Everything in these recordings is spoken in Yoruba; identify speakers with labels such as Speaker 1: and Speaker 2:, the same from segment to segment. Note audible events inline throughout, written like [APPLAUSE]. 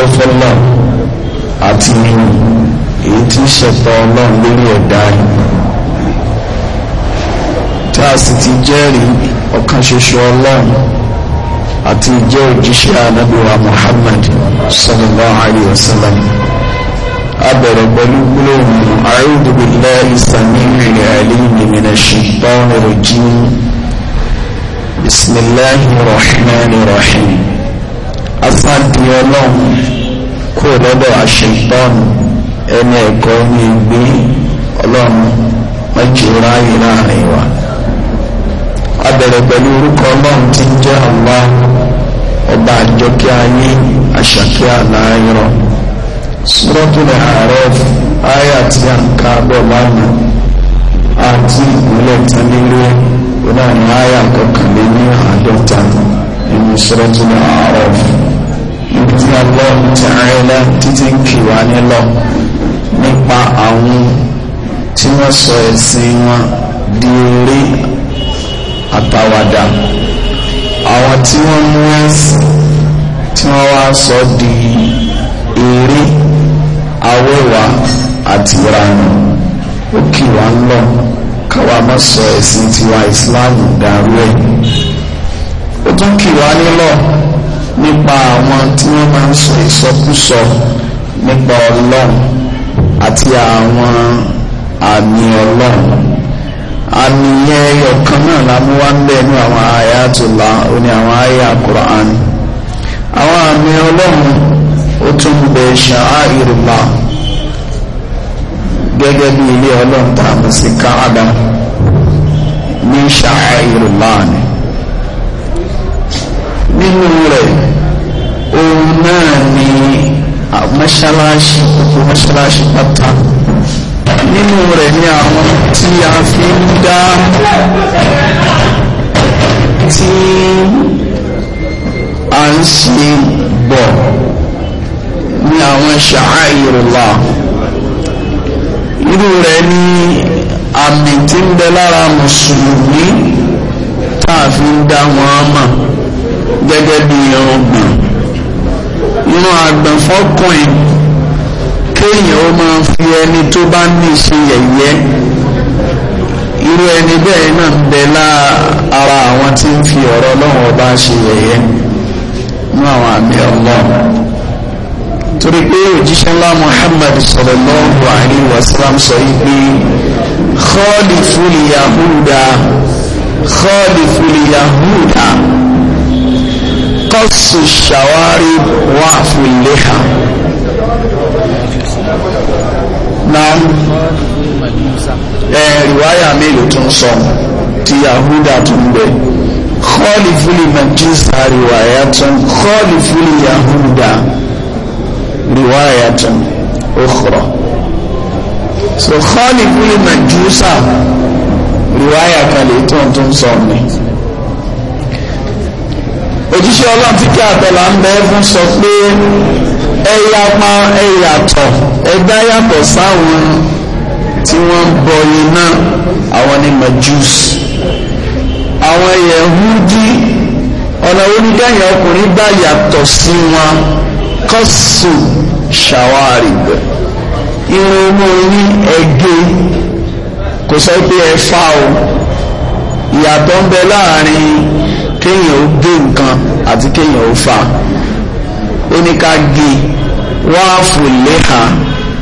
Speaker 1: dúpẹ́ fọ́lọ́ àti èyí tí ṣẹ̀tọ́ ọlọ́run lórí ẹ̀dá tí a sì ti jẹ́rìí ọ̀kan ṣoṣo ọlọ́run àti ìjẹ́ òjíṣẹ́ anábíwa Muhammad sallallahu alayhi wa sallam abẹ̀rẹ̀ pẹ̀lú gbólóhùn a'udhu billahi sami'il alim minash shaitanir rajim bismillahir rahmanir rahim asáàdì ọlọ́run kó lọ́dọ̀ àṣetọ́nù ẹni ẹ̀kọ́ ní ìgbé ọlọ́run mẹ́jọ ráyè láàrin wa a bẹ̀rẹ̀ pẹ̀lú orúkọ ọlọ́run tí ń jẹ́ Allah ọba àjọkẹ́ ayé àṣàkẹ́ àlàyọ̀ Suratul A'raf ayé àti àǹkà bọ̀ lánàá àti ìpínlẹ̀ tẹ́lẹ̀lẹ́ onáà ní ayé àkọkànlélẹ́ àádọ́ta nínú Suratul A'raf ibi tí Allah ta'ala títí ń kì wá nílọ nípa àwọn tí wọ́n sọ ẹ̀sìn wọn di eré àtàwàdà àwọn tí wọ́n mú ẹ̀sìn tí wọ́n wá sọ di eré awéwà àti ìranù ó kì wá nílọ káwa má sọ ẹ̀sìn tiwa ìsìláàmù dàrú ẹ̀ ó tún kì wá nílọ nípa àwọn tí wọ́n máa ń sọ ìsọkúsọ nípa ọlọ́run àti àwọn àmì ọlọ́run àmì yẹn ẹyọkan náà la mú wá ń bẹ ní àwọn ayatullah oní àwọn àyà Qur'an àwọn àmì ọlọ́run ó tún bẹ sha'airullah gẹ́gẹ́ bí ilé ọlọ́run tá a sí káàdà ní sha'airullah ni nínú rẹ̀ òun náà ni mọ́ṣáláṣí gbogbo mọ́ṣáláṣí pátá nínú rẹ̀ ni àwọn tí a fi ń dá tí a ń ṣe bọ̀ ni àwọn sha'airullah irú rẹ̀ ni àmì tí ń bẹ lára mùsùlùmí tá a fi ń dá wọn mọ̀ gẹ́gẹ́ bí ọgbọ̀n inú àgbọ̀nfọ́kùnrin kéèyàn ó máa fi ẹni tó bá ní ṣe yẹ̀yẹ́ irú ẹni bẹ́ẹ̀ náà ń bẹ láà ara àwọn tí ń fi ọ̀rọ̀ ọlọ́run ọba ṣe yẹ̀yẹ́ mú àwọn àmì ọlọ́run torí pé òjíṣẹ́ ńlá Muhammad sallallahu alaihi wasallam sọ yìí pé khalifu li yahuda khalifu li yahuda kọ́sù ṣàwárí wà fún léha náà ẹ̀rìwáyà mélòó tún sọ ti yahuda tún bẹ kọ́ọ̀lì fúlì màjúsà rìwáyà tún kọ́ọ̀lì fúlì yahuda rìwáyà tún ukhra so kọ́ọ̀lì fúlì màjúsà rìwáyà kan lè tún tún sọ mi òjíṣẹ́ ọlọ́run tí kí àtọ̀là ń bẹ fún sọ pé ẹ̀yà pa ẹ̀yàtọ̀ ẹ̀dá yàtọ̀ sáwọn tí wọ́n ń bọ iná àwọn ni majus àwọn yẹ̀húdí ọ̀nà onídẹ́yìn ọkùnrin bá yàtọ̀ sí wọn kọ́sù ṣàwárì irun mú ní ẹ̀gẹ́ kò sọ pé ẹ fá o ìyàtọ̀ ń bẹ láàrin kéèyàn ó gé nǹkan àti kéèyàn ó fà ó ní ká gé wọ́n á fò léha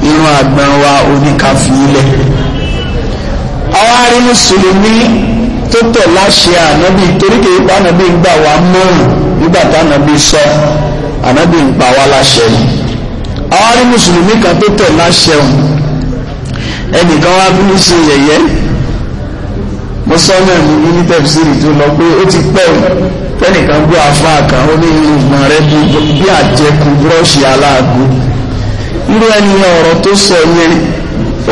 Speaker 1: irun àgbọn wa ó ní ká fi ilẹ̀ àwọn arí mùsùlùmí tó tọ̀ láṣẹ ànábì torí kìí pa ànábì ń gbà wá mọ́rùn nígbà tánábì sọ ànábì ń pa wá láṣẹ ni àwọn arí mùsùlùmí kan tó tọ̀ láṣẹ òun ẹnìkan wá bí ṣe yẹ̀yẹ́ mo sọ náà ní ní tẹ̀síìrì tó lọ pé ó ti pẹ́ òun. tẹnìkan gbọ́ afá kan ó ní ìgbọ̀n rẹ bí àjẹkù búrọ́ọ̀ṣì aláàgó irú ẹni ọ̀rọ̀ tó sọ yẹn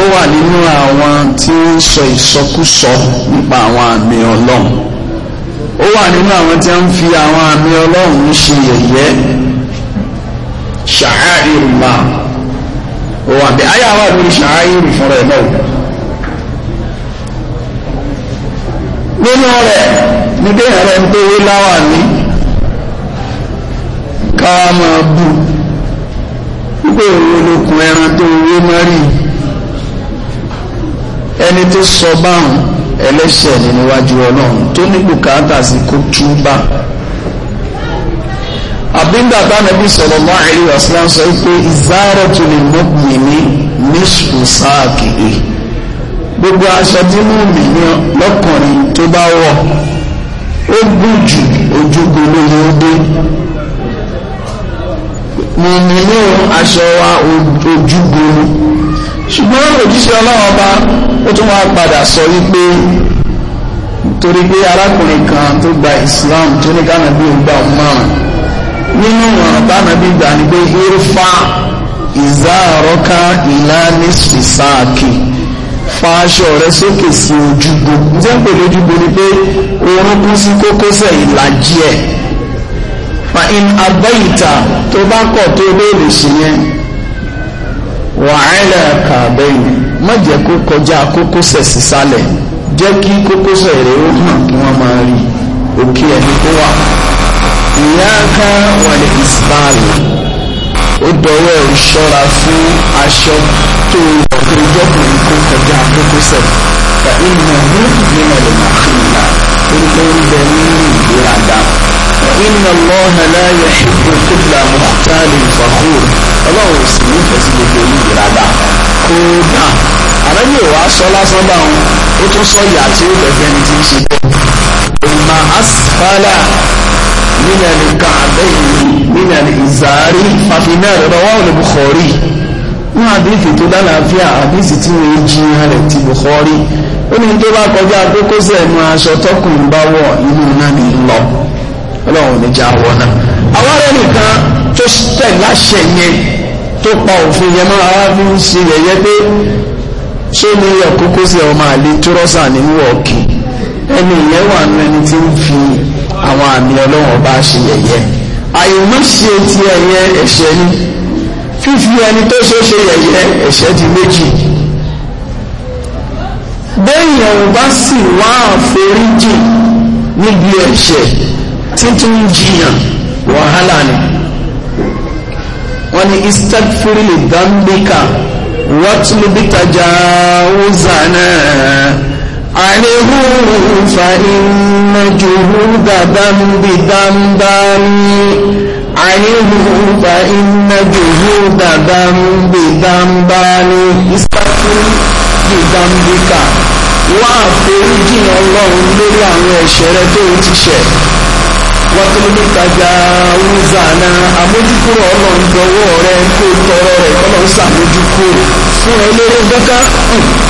Speaker 1: ó wà nínú àwọn tí ń sọ ìsọkúsọ nípa àwọn àmì ọlọ́run ó wà nínú àwọn tí ń fi àwọn àmì ọlọ́run ṣe yẹ̀yẹ́ ṣàárìrì máa ó wà bẹ́ẹ̀ ayé àwọn ẹ̀ nínú rẹ̀ ní déyàn rẹ̀ ń pé owó láwà ní ká máa bù wípé òun olókun ẹran tó owó mọ́rí ẹni tó sọ báhùn ẹlẹ́ṣẹ̀ ní níwájú ọlọ́run tó ní bùkátà sí kó túbà àbíńdà tánàbí sallallahu alaihi wasallam sọ pé ìzárẹ̀ tó lè mọ́kùnrin ní mẹ́ṣù sáàkì yìí gbogbo aṣọ tí mú mi yan lọ́kùnrin tó bá wọ̀ ó gùn jù ojúgun ló yẹ ó dé mo ní ní aṣọ wa ojúgun ṣùgbọ́n òjíṣẹ́ ọlọ́wọ́ bá ó tún wá padà sọ wípé torí pé arákùnrin kan tó gba Islam tó ní kánàbí ògbà ọmọràn nínú ọ̀ràn kánàbí gbà ni pé irfa ìzá àrọ́ká ìlà ní fa aṣọ rẹ sókè sí ojúbo ǹjẹ́ ń pè lójúbo ni pé oorun kún sí kókósẹ̀ ìlàjì ẹ̀ fa in abẹ́yìta tó bá kọ̀ tó lóòlù sí yẹn wàhálà kàbẹ́yìn má jẹ́ kó kọjá kókósẹ̀ sísàlẹ̀ jẹ́ kí kókósẹ̀ rẹ̀ ó hàn kí wọ́n máa rí òkè ẹni tó wà ìyá ká wà ní ìsìláàlì ó dọwọ́ ìṣọ́ra fún aṣọ tó wọ̀ tó jọ́kùnrin kó kọjá kókósẹ̀ ẹ̀ ń mọ̀ ní ìgbìmọ̀ lè máa fi ìlà orúkọ ń bẹ nínú ìgbéraga. Inna Allaha la yuhibbu kulla muhtalin fakhur. Ọlọ́run sì nífẹ̀ẹ́ sí gbogbo ìgbéraga. Kódà, àrẹ́bí ò wá sọ lásán bá wọn, ó tún sọ ìyà tí ó bẹ̀fẹ́ ni ti ń ṣe bẹ́ẹ̀. Ìmọ̀ asfala من الكعبين من الإزار ففي نار رواه البخاري ní àdífì tó lálàáfíà àdífì tí wọ́n jí rẹ̀ ti Bukhari ó ní tó bá kọjá kókósẹ̀ ẹnu aṣọ tọkùn bá wọ̀ inú náà ní lọ ọlọ́run ní já wọ náà àwọn ará nìkan tó tẹ̀ láṣẹ yẹn tó pa òfin yẹn máa wá ń ṣe yẹyẹ pé ṣé ní yọ kókósẹ̀ ọmọ àlè tírọ́sà nínú ọ̀kì ẹni ìyẹn wà nínú ẹni tí ń fi àwọn àmì ọlọ́run ọba ṣe yẹ̀yẹ́ àyèmọ́ ṣe ti ẹ̀yẹ ẹ̀ṣẹ̀ ni fífi ẹni tó ṣe ṣe yẹ̀yẹ́ ẹ̀ṣẹ̀ ti méjì bẹ́ẹ̀yàn ò bá sì wá àforíjì níbi ẹ̀ṣẹ̀ títún jiyàn wàhálà ni wọ́n ní istagfiri lè dánbíkà wọ́n tún lè bí tajà ó zànà عليهم فإن جهود ذنب ذنبان عليهم فإن جهود ذنب ذنبان استغفر بذنبك wá àforíjì ọlọ́run lórí àwọn ẹ̀ṣẹ̀ rẹ tó ti ṣẹ̀ wọ́n tó ní tajà wúzà náà àmójúkúrò ọlọ́run dọwọ́ rẹ kó tọrọ rẹ kọ́lọ́run ṣàmójúkúrò fún ẹ lérò dọ́kà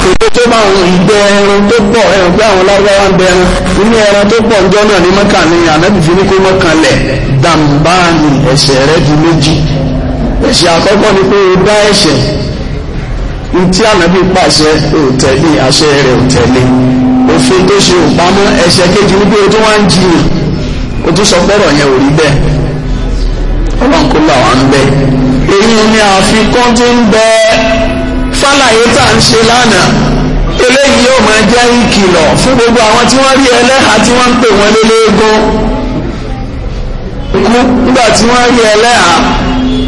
Speaker 1: èdè tó bá wọn ìgbẹ́ ẹran tó pọ̀ ẹran pé àwọn lárúbáwá ń bẹ ẹran nínú ẹran tó pọ̀ ńjọ́ náà ní mọ́kà ní ànábì fi ní kó mọ́kà lẹ̀ dàmbáàni ẹ̀ṣẹ̀ rẹ di méjì ẹ̀ṣẹ̀ àkọ́kọ́ ni pé o dá ẹ̀ṣẹ̀ ntí ànábì pàṣẹ ò tẹ̀lé àṣẹ rẹ̀ ò tẹ̀lé òfin tó ṣe ò pamọ́ ẹ̀ṣẹ̀ kejì ní pé o tó wá ń jiyàn o tó sọ pọ́rọ̀ yẹn ò rí bẹ́ẹ̀ ọlọ́nkó làwọn bẹ́ẹ̀ èyí ni àfikún ti ń bẹ́ẹ̀ pálàyé tá à ń ṣe lánàá eléyìí yóò máa jẹ́ ìkìlọ̀ fún gbogbo àwọn tí wọ́n rí ẹlẹ́hà tí wọ́n ń pè wọ́n lélẹ́gún kú nígbà tí wọ́n rí ẹlẹ́hà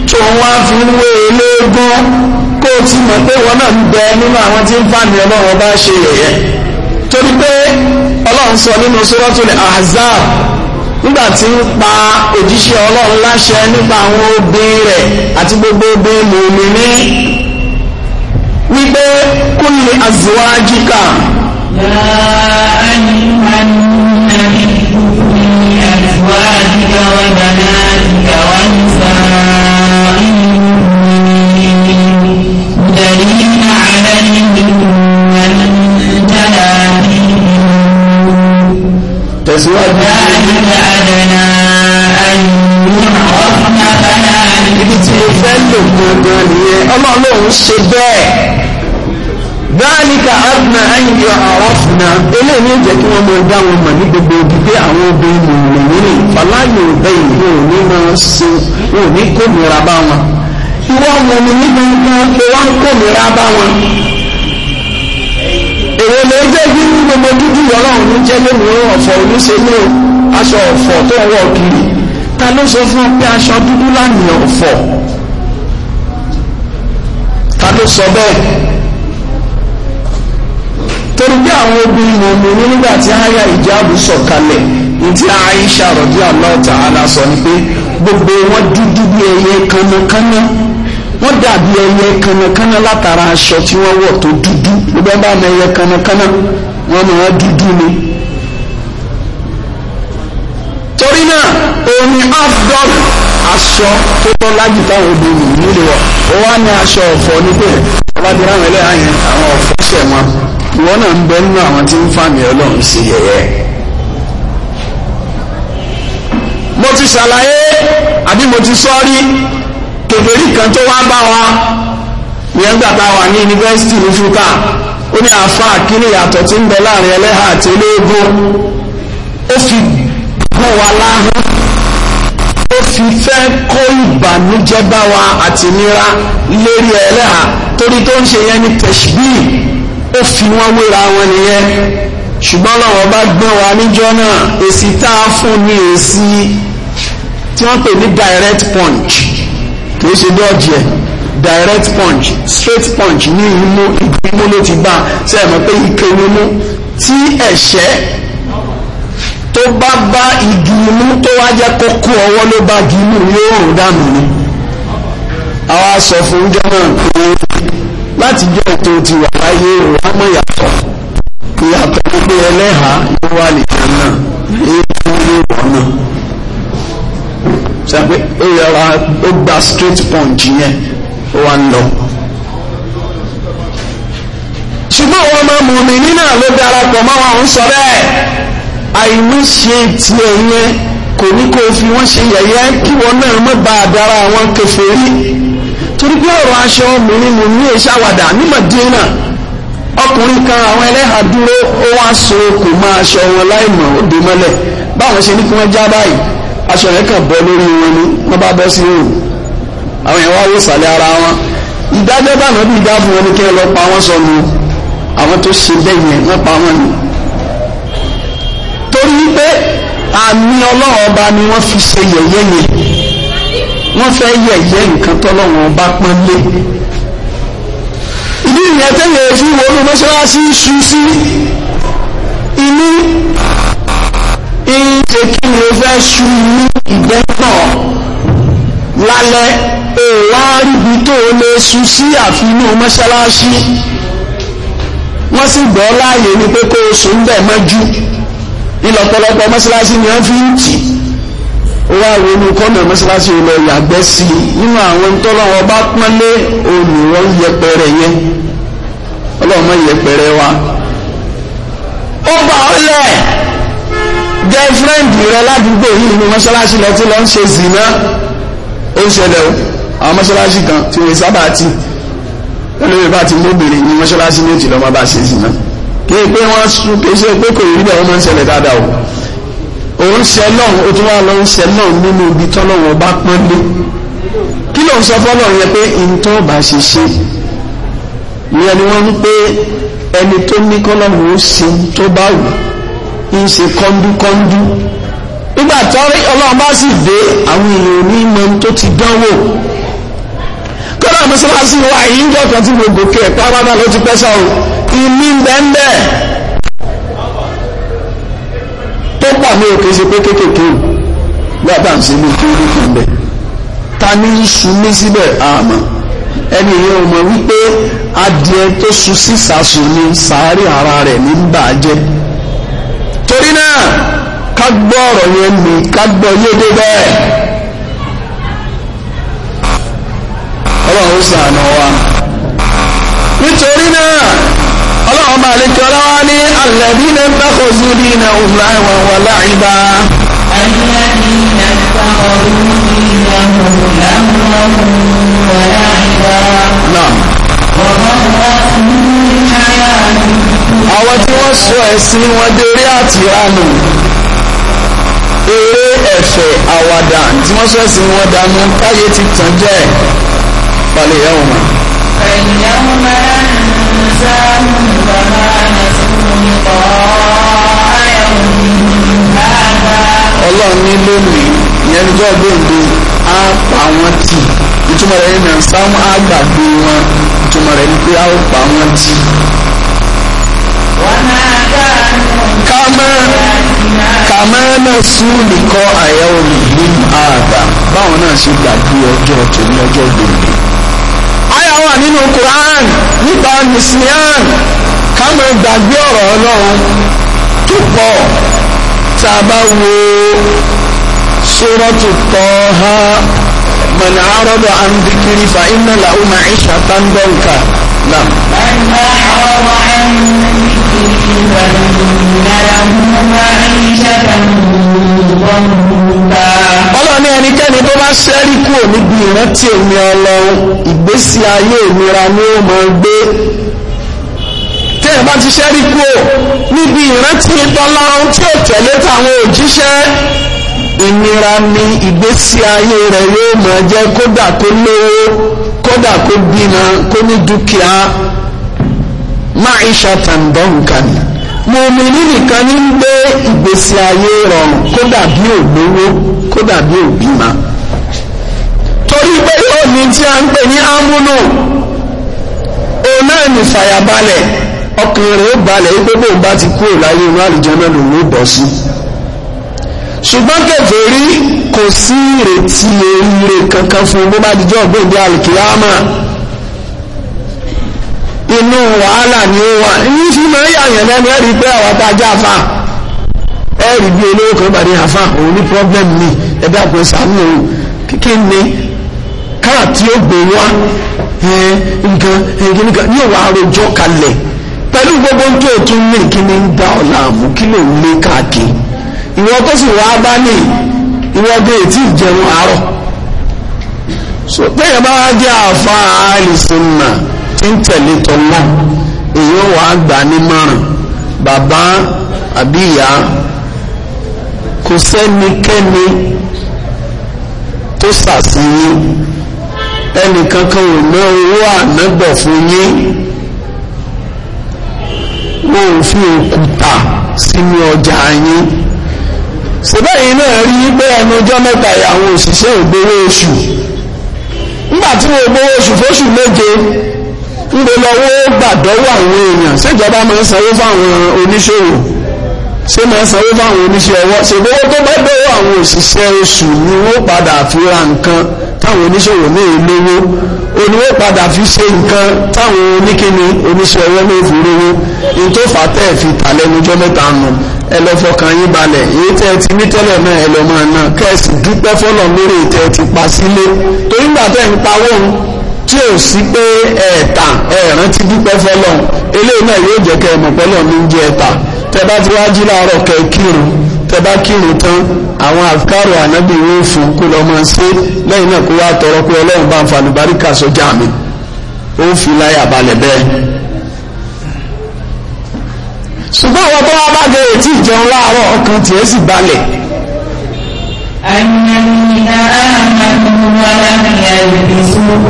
Speaker 1: tó wọ́n fi ń wé eléégún kó o ti mọ̀ pé wọ́n náà ń bẹ nínú àwọn tí ń fàmì ọlọ́run bá ṣe yẹ̀yẹ́ torí pé ọlọ́run sọ nínú Suratul Ahzab nígbà tí ń pa òjíṣẹ́ ọlọ́run láṣẹ nípa àwọn obìnrin rẹ̀ àti gbogbo obìnrin mòmìnir azwajika. Ya ayyuhan nabiyyu qul azwajika wa banatika wa nisaa'il mu'minin yudnina 'alayhinna min jalabibihin. Tẹ̀síwájú. Dáadé àdánà ayélujára ọ̀pọ̀ náà bá ọlọ́run ṣe bẹ́ẹ̀. dáníkà adùnà ẹ̀yìn àrọ́fùnà eléyìí jẹ́ kí wọ́n máa wọn mọ̀ ní gbogbo gbígbé àwọn obìnrin mọ̀lẹ́mọ̀ ní fàlàyé òbẹ́ ìlú òní máa ṣe òní kòmìnira bá wọn. ìwọ wọn ni nígbà kan pé wọn kòmìnira bá wọn. èrò lè jẹ́ bí gbogbo dúdú jẹ́ lónìí ọ̀fọ̀ aṣọ ọ̀fọ̀ tó wọ̀ kiri ta ló sọ fún pé aṣọ dúdú ọ̀fọ̀ torí pé àwọn ogun mòmù nígbà tí ìjáàbù sọ̀kalẹ̀ ti Aisha rọ̀dí ni pé gbogbo wọn dúdú bí ẹyẹ dàbí ẹyẹ látara aṣọ tí tó dúdú gbogbo ẹ̀ bá ẹyẹ kánnákánná mọ wọn dúdú ni. torí náà òun afdol aṣọ tó táwọn nílò ní aṣọ ráwọn ẹlẹ́yà yẹn àwọn ọfọ ìwọ náà ń bẹ nínú àwọn tí ń fàmì ọlọ́run sí yẹ̀yẹ́ mo ti ṣàlàyé àbí mo ti sọ rí kèfèrí kan tó wá bá wa ìyẹn gbà tá a wà ní yunifásitì ní fúta ó ní àfa àkíní ìyàtọ̀ tí ń bẹ láàrin ẹlẹ́hà àti eléégún ó fi gún wa láhùn ó fi fẹ́ kó ìbànújẹ́ bá wa àti nira lérí ẹlẹ́hà torí tó ń ṣe yẹn ní tẹ̀síbíì ó fi wọ́n wéra wọn nìyẹn ṣùgbọ́n lọ́wọ́ bá gbọ́n wa níjọ́ náà èsì tá a fún ní èsì tí wọ́n pè ní direct punch kì í ṣe dọ́ọ̀jì ẹ̀ direct punch straight punch ní imú ìgbìmọ̀ ló ti bá ṣe é mọ̀ pé ike ni mú tí ẹ̀ṣẹ́ tó bá bá igi imú tó wá jẹ́ kókó ọwọ́ ló bá igi imú yóò rùn dànù ni àwa sọ fún jọ́nà pé látijọ́ ètò ti wà láyé wọ́n mọ̀ yàtọ̀ ìyàtọ̀ wípé ẹlẹ́hàá yóò wà nìkan náà èyí tó ń lé wọ́n náà sọ pé ó yọra ó gba straight punch yẹn ó wá ń lọ ṣùgbọ́n àwọn ọmọ mùmí nínú àlọ́ darapọ̀ mọ́ wọn sọ bẹ́ẹ̀ àìníṣe tiẹ̀ yẹn kò ní kó fi wọ́n ṣe yẹ̀yẹ́ kí wọ́n náà mọ̀ bá a dára àwọn kèfèrí torí pé ọ̀rọ̀ aṣọ obìnrin ló ní ìṣàwàdà ní Madina ọkùnrin kan àwọn ẹlẹ́hà dúró ó wá so okùn mọ́ aṣọ wọn láìmọ̀ ó dè mọ́lẹ̀ báwọn ṣe ní kí wọ́n já báyìí aṣọ yẹn kàn bọ́ lórí wọn ni wọ́n bá bọ́ sí òòrùn àwọn yẹn wá wò sàlẹ̀ ara wọn ìdájọ́ dáná bí ìdá fún wọn ni kí ẹ lọ pa wọ́n sọnù àwọn tó ṣe bẹ́ẹ̀ yẹn wọ́n pa wọ́n ni torí pé àmì ọlọ́run ọba ni wọ́n fi ṣe yẹ̀yẹ́ yẹn wọ́n fẹ́ yẹ̀yẹ́ nǹkan tọ́lọ́wọ́n bá pọ́n lé ìdí ìyẹn tẹ́lẹ̀ fi wọnú mọ́ṣáláṣí ṣu sí inú ìṣe kí ni o fẹ́ ṣu ní ìgbẹ́ náà lálẹ́ èèwà ríbi tó o lè ṣu sí àfi inú mọ́ṣáláṣí wọ́n sì gbọ́ láàyè ni pé kó o sùn bẹ́ẹ̀ mọ́jú ìlọ̀pọ̀lọpọ̀ mọ́ṣáláṣí ni wọ́n fi ń tì í ó wá ronú kọ́nà mọ́sálásí ilẹ̀ yàgbẹ́ sí nínú àwọn tọ́lọ́wọ́ bá pọ́nlé olùwọ́n yẹpẹrẹ yẹn ọlọ́mọ yẹpẹrẹ wa ó gbà ọ́ lẹ̀ girlfriend rẹ ládùúgbò yìí ní mọ́sálásí lọ tí lọ ń ṣe zìnà ó ń ṣẹlẹ̀ o àwọn mọ́sálásí kan tí wọ́n sábà ti olóyè bá ti lóbìnrin ní mọ́sálásí méjì lọ́mọ bá ṣe zìnà kí pé wọ́n kì í ṣe pé kò rí bẹ́ẹ̀ wọ́n máa ń ṣẹlẹ̀ dáadáa o òun ṣe lọ́run ó tún wá lọ ń ṣe lọ́run nínú ibi tọ́lọ́wọ́ bá pọ́n lé kí ló ń sọ fọ́lọ̀ yẹ pé ìntọ́ bá ṣe ṣe ìyẹn ni wọ́n ń pé ẹni tó ní kọ́lọ́run ó ṣe tó bá wù ń ṣe kọ́ńdúkọ́ńdú nígbà tọ́rí ọlọ́run bá sì dé àwọn èèyàn ní mọ tó ti dánwò kọ́lá mọ́sálásí wa yìí ń jọ́ kan tí mo gòkè ẹ̀pá bábá ló ti pẹ́ sọ́run ìmí ń bẹ́ẹ̀ bẹ́ẹ̀ tó pọ̀ ní òkè ṣe pé kéékèèké gbàtà ń ṣe ní kúrú kan bẹ̀ ta ní sun ní síbẹ̀ àmọ́ ẹni yẹn ò mọ̀ wípé adìẹ tó sun sísàsùn ní sàárè ara rẹ̀ ní bàjẹ́ torí náà ká gbọ́ ọ̀rọ̀ yẹn mi ká gbọ́ yédè bẹ́ẹ̀. ọlọ́run sànà wa nítorí náà ọlọ́run bá lè kí ọlọ́wọ́ ní alẹ́bí ní bẹ́kọ̀ sí bí iná òun láìwọ̀n wọ̀ láìbá. àwọn tí wọ́n sọ ẹ̀sìn wọn déré àtìránù eré ẹ̀fẹ̀ àwàdà tí wọ́n sọ ẹ̀sìn wọn dànù táyé ti tàn jẹ́ pàlẹ́ ẹ̀wọ̀n.
Speaker 2: إنسان كما نسوا لقاء
Speaker 1: يومهم هذا ìyẹn ní jọ́ á pa wọ́n tì ìtumọ̀ rẹ̀ ní sáwọn àgbàgbé wọn ìtumọ̀ rẹ̀ ní pé á pa wọ́n tì. na àyẹ̀wò nìyí àgbà báwọn náà ṣe wà nínú Quran nípa nìsíyàn ká má gbàgbé ọ̀rọ̀ Ọlọ́run tó pọ̀ tá a bá wo Suratu Taha man arada an dhikri fa inna lahu ma'ishatan danka náà ọlọ́run ní ẹnikẹ́ni tó bá ṣẹ́rí kúrò níbi ìrántí èmi ọlọ́run ìgbésí ayé ìnira ni ó máa gbé tẹ́yìn bá ti ṣẹ́rí kúrò níbi ìrántí tọ́lọ́run tí ó tẹ̀lé tàwọn òjíṣẹ́ ìnira ni ìgbésí ayé rẹ̀ yóò máa jẹ́ kódà kó lówó kódà kó bímọ kó ní dúkìá máa ń ṣàtàǹdọ̀ǹkan ni. mọ̀mìnì nìkan ní ń gbé ìgbésí ayé rọrùn kó dàbí ògbówó kó dàbí òbímọ torí pé yóò tí a ń pè ní ámúnù òun náà ní fàyàbalẹ̀ ọkùnrin rẹ̀ ó balẹ̀ wípé bóun bá ti kúrò láyé inú àlùjànnà lòun ó bọ̀ inú wàhálà ni ó wà ní sí máa yàyàn lẹ́nu ẹ̀rí pé àwọ̀ta jáfà ẹ̀rí bí olóòkó ìbàdí àfà òun ní problem ni ẹ̀dá kò sàánú òun kíkí ni káà tí ó gbé wá nǹkan nǹkan ní àròjọ kalẹ̀ pẹ̀lú gbogbo tó tún ní ń ọ̀la àmú kí ló ń lé káàkiri ìwọ tó sì wá bá ní ìwọ ètí e ìjẹun àárọ̀ so bẹ́ẹ̀ bá wá jẹ́ àfa náà tí ń tẹ̀lé tọ́lọ́ èyí wà á gbà nímọ̀ràn bàbá àbí ìyá kò sẹ́nikẹ́ni tó sàsí yín ẹnìkankan ò ná owó ànágbọ̀ fún yín wọn ò fi òkúta sínú ọjà yín náà rí pé ẹnu ọjọ́ mẹ́ta òṣìṣẹ́ ògbówó ńgbé lọ́wọ́ gbàdọ́wọ́ àwọn èèyàn ṣèjọba máa ń sanwó fáwọn oníṣòwò ṣé máa ń sanwó fáwọn oníṣẹ́ ọwọ́ ṣègbówó tó bá dọ́wọ́ àwọn òṣìṣẹ́ oṣù ni wọ́n padà fi ra nǹkan táwọn oníṣòwò ní ìlówó oníwó padà fi ṣe nǹkan táwọn oníkíni oníṣẹ́ ọwọ́ ní ìfúrówó ní tó fà tẹ́ fi tà lẹ́nujọ́ mẹ́ta nù ẹ lọ fọkàn yín balẹ̀ èyí tẹ́ ti ní tẹ́lẹ̀ náà ẹ lọ máa ná kẹ́sì dúpẹ́ fọ́lọ̀ lórí ìtẹ́ ti pa sílé torí gbà tẹ́ ń pawó tí ò sí pé ẹ̀ẹ̀ta ẹ̀ẹ̀rán ti dúpẹ́ fọ́lọ́n eléyìí náà yóò jẹ́ kẹ́ ẹ̀mọ̀ pọ́lọ́ ní jẹ́ ẹ̀ta tẹ bá ti wá jí láàárọ̀ kẹ́ kírun tẹ bá kírun tán àwọn àfikárò ànábì wọn fún kó lọ máa ṣe lẹ́yìn náà kó wá tọrọ pé ọlọ́run bá ń fa àlùbáríkà sọ́jà mi ó fi láyà balẹ̀ bẹ́ẹ̀. ṣùgbọ́n àwọn tó wá bá gẹ̀rẹ̀ tí ìjẹun láàárọ̀ ọkàn tiẹ̀ sì balẹ̀. àyìnbó ولم يلبسوا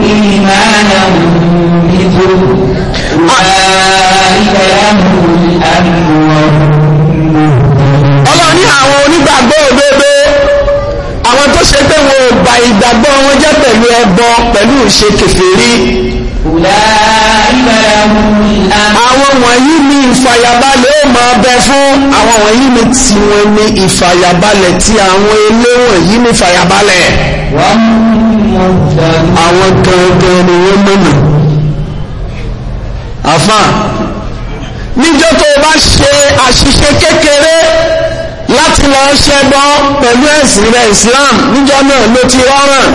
Speaker 1: إيمانهم بظلم أولئك لهم الأمن ọlọ́run ní àwọn onígbàgbọ́ òdodo àwọn tó ṣe pé wọn ò gba ìgbàgbọ́ wọn jẹ́ pẹ̀lú ẹbọ pẹ̀lú ìṣe kèfèrí àwọn wọ̀nyí ni ìfàyàbalẹ̀ ó máa bẹ fún àwọn wọ̀nyí ni tiwọn ni ìfàyàbalẹ̀ tí àwọn ilé wọ̀nyí ni ìfàyàbalẹ̀ àwọn gangan ni wọ́n mọ̀nà àfà níjọ́ tó o bá ṣe àṣìṣe kékeré láti lọ ṣẹbọ pẹ̀lú ẹ̀sìn rẹ̀ Islam níjọ́ náà ló ti rọrùn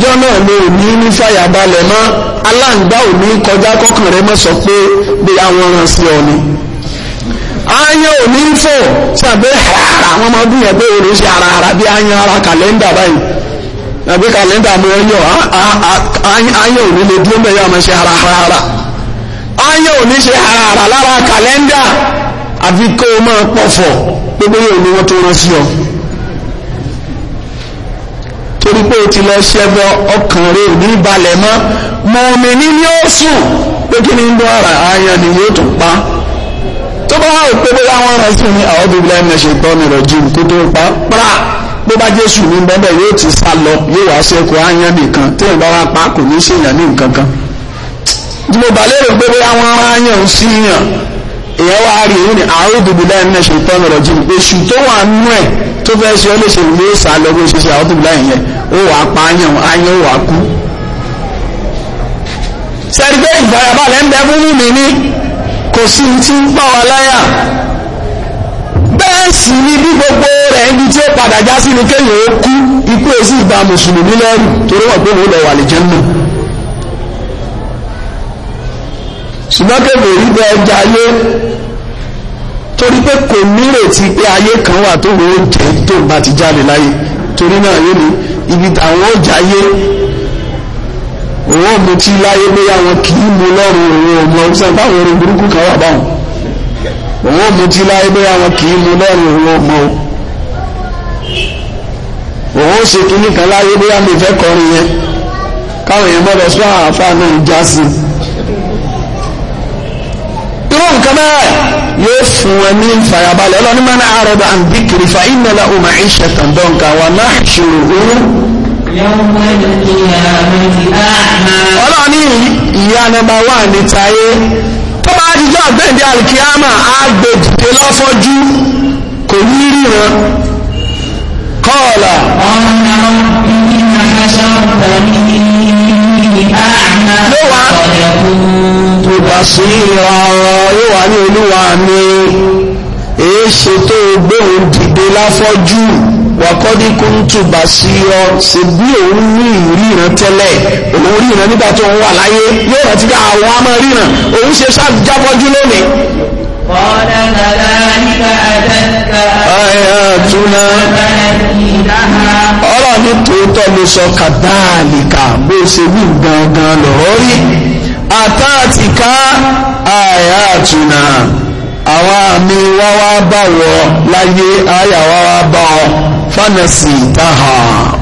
Speaker 1: ìjọ náà ló ní ní fàyàbalẹ̀ mọ́ aláǹgbá ò ní kọjá kọkàn rẹ mọ́ sọ pé bí àwọn ọ̀ràn sí ọ ni aáyán ò ní fò sàbẹ́ ara àwọn ọmọ ọdún yẹn pé èrè ṣe ara ara bí aáyán ara kàlẹ́ńdà báyìí àbí kàlẹ́ńdà mọ́ ọyàn aáyán ò ní lè dúró mẹ́yà ọmọ ṣe ara ara aáyán ò ní ṣe ara ara lára kàlẹ́ńdà àfi kó o máa pọ̀fọ̀ gbogbo yóò ní wọ́n tó rán sí ọ torí pé o ti lọ ṣẹbọ ọkàn rẹ ní balẹ̀ mọ́ mọ̀ọ́mì ní ni ó sùn pé kí ni ń bọ́ ara àyàn ni yóò tún pa tó bá wà pé bóyá wọn rẹ sùn ní àwọn bíbélì ẹni ṣe gbọ́ mi rẹ̀ jù kó tó pa pra bó bá jésù ní bẹ́ẹ̀ yóò ti sá lọ yóò wá ṣẹ́kù àyàn nìkan tí ìbá wa pa kò ní ṣèyàn ní nǹkan kan mo bà lérò pé bóyá wọn ráyàn sí yàn èèyàn wá rí èyí ni àwọn bíbélì ẹni ṣe gbọ́ mi rẹ̀ jù èṣù tó wà nú ẹ̀ tó fẹ́ ṣe ọ́ lè ṣe ìlú sá lọ bó ṣe ṣe àwọn bíbélì ẹni yẹn ó wàá pa áyàn áyàn ó wàá kú sẹ́ni pé ìfarabalẹ̀ ń bẹ fún mi ní kò sí ti ń pa wá láyà bẹ́ẹ̀ sì ni bí gbogbo rẹ̀ ibi tí ó padà já sí ni kéèyàn ó kú ikú èsì ìgbà mùsùlùmí lẹ́rù torí wọ́n pé òun lọ wà lè jẹ́ náà ṣùgbọ́n kébè rí bẹ ọjà ayé torí pé kò nírètí pé ayé kan wà tó wọ́n jẹ́ tó bá ti jáde láyé torí náà yé ni ibi àwọn ọjà yé òun ọ̀mù tí láyé pé àwọn kì í mu lọ́rùn òun ọmọ ọ̀sán báwọn orin burúkú kan wà báwọn òun ọ̀mù tí láyé pé àwọn kì í mu lọ́rùn òun ọmọ òun ṣe kíní kan láyé pé àmì ìfẹ́ kọrin yẹn káwọn èèyàn bọ́dọ̀ àáfàá náà já sí i. irú nǹkan bẹ́ẹ̀ yóò fún wọn ní ìfàyàbalẹ̀ ọlọ́ni máa ń àrọ̀dà àn bíkìrì fa inna lahu ma'ishatan danka wa nahshuruhu. ọlọ́ni ìyá nọmba wà ní tayé tó bá dijọ́ àgbẹ̀dẹ̀ alikiyama àgbèdìdè lọ́fọ́jú kò ní ríran kọ́ọ̀lá. ọ̀nà ìdíjà ṣàǹfààní àná. ló wà kuntu basira yóò wà ní olúwa mi èéṣe tó gbóhùn dìde láfọ́jú wàkọ́dí kuntu basira ṣe bí òun ní ìríran tẹ́lẹ̀ òun ríran nígbà tó ń wà láyé yóò rántí pé àwọn a máa ríran òun ṣe ṣáàjáfọ́jú lónìí. قال كذلك أتتك آياتنا ọ̀rọ̀ ní tòótọ́ ló sọ kàdáàlìkà bó ṣe wí gangan lọ̀rọ̀ rí àtàtìká àyàtùnà àwọn àmì wá wá bá wọ láyé àyà wá wá bá ọ fánàsì táhà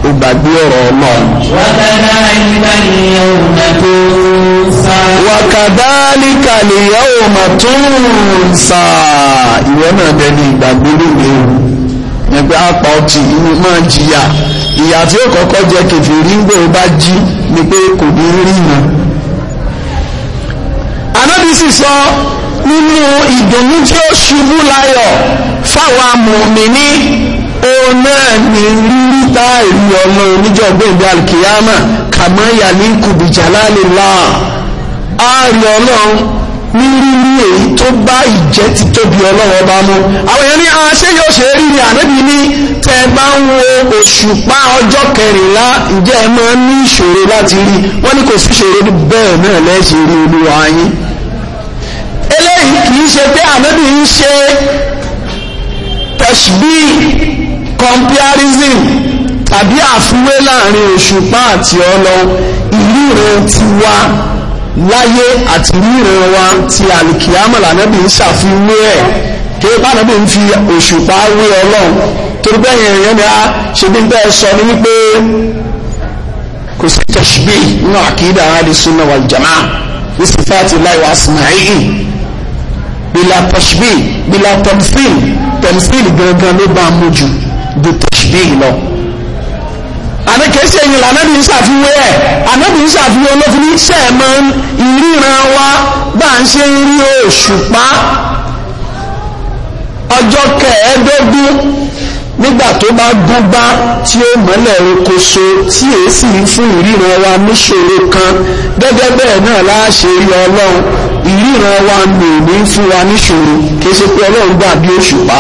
Speaker 1: ògbàgbé ọ̀rọ̀ náà wàkàdálíkà lèyàwó màtúnsà ìwọ náà dẹni ìgbàgbé lóde ẹgbẹ́ apá ọtí inú máa jìyà ìyà tí ó kọ́kọ́ jẹ kẹfìrí ń gbòó bá jí ni pé kò ní rí yàn anábì sì sọ nínú ìdùnnú tí ó ṣubú láyọ̀ fáwọn amòmìnì òun náà ní rírí tá ìlú ọmọ oníjọ̀gbọ́n ìgbà alkiyama kàmọ́ yàlí kùbìjàlálélá ààrẹ ọlọ́run ní rírí èyí tó bá ìjẹ́ ti tóbi ọlọ́run ọba mú àwọn èèyàn ní aṣẹ́ yóò ṣe rí ni ànábì ní tẹ bá ń wo òṣùpá ọjọ́ kẹrìnlá ìjẹ́ máa ń ní ìṣòro láti rí wọ́n ní kò sí ìṣòro bẹ́ẹ̀ náà lẹ́sìn rí olúwa yín eléyìí kìí ṣe pé ànábì ń ṣe tẹ̀ṣbí comparison tàbí àfiwé láàrin òṣùpá àti ọlọ́run ìríran ti wá láyé àti ríran wa ti àlìkìyámà lànábì ń ṣàfiwé ẹ̀ kí bánábì ń fi òṣùpá wé ọlọ́run torí bẹ́yìn èèyàn ni a ṣe bí bẹ́ẹ̀ sọ ní wípé kò sí tẹ̀ṣbí nínú àkídà àdìsúnà wal jamaa ní sífáàtì láì wá sinayi bila tashbih bila tamsil tamsil gangan ló bá mú jù ju tashbih lọ àmì kìí ṣe ìyìnlá anábì ń ṣàfiwé ẹ̀ anábì ń ṣàfiwé olófin ṣẹ̀ mọ́ ìríran wa bá ń ṣe ń rí òṣùpá ọjọ́ kẹẹ̀ẹ́dógún nígbà tó bá gúngbá tí ó mọ́lẹ̀ okoso tí èé sì ń fún ìríran wa níṣòro kan gẹ́gẹ́ bẹ́ẹ̀ náà láṣẹ rí ọlọ́run ìríran wa nù ní fún wa níṣòro kì ṣe pé ọlọ́run gbà bí òṣùpá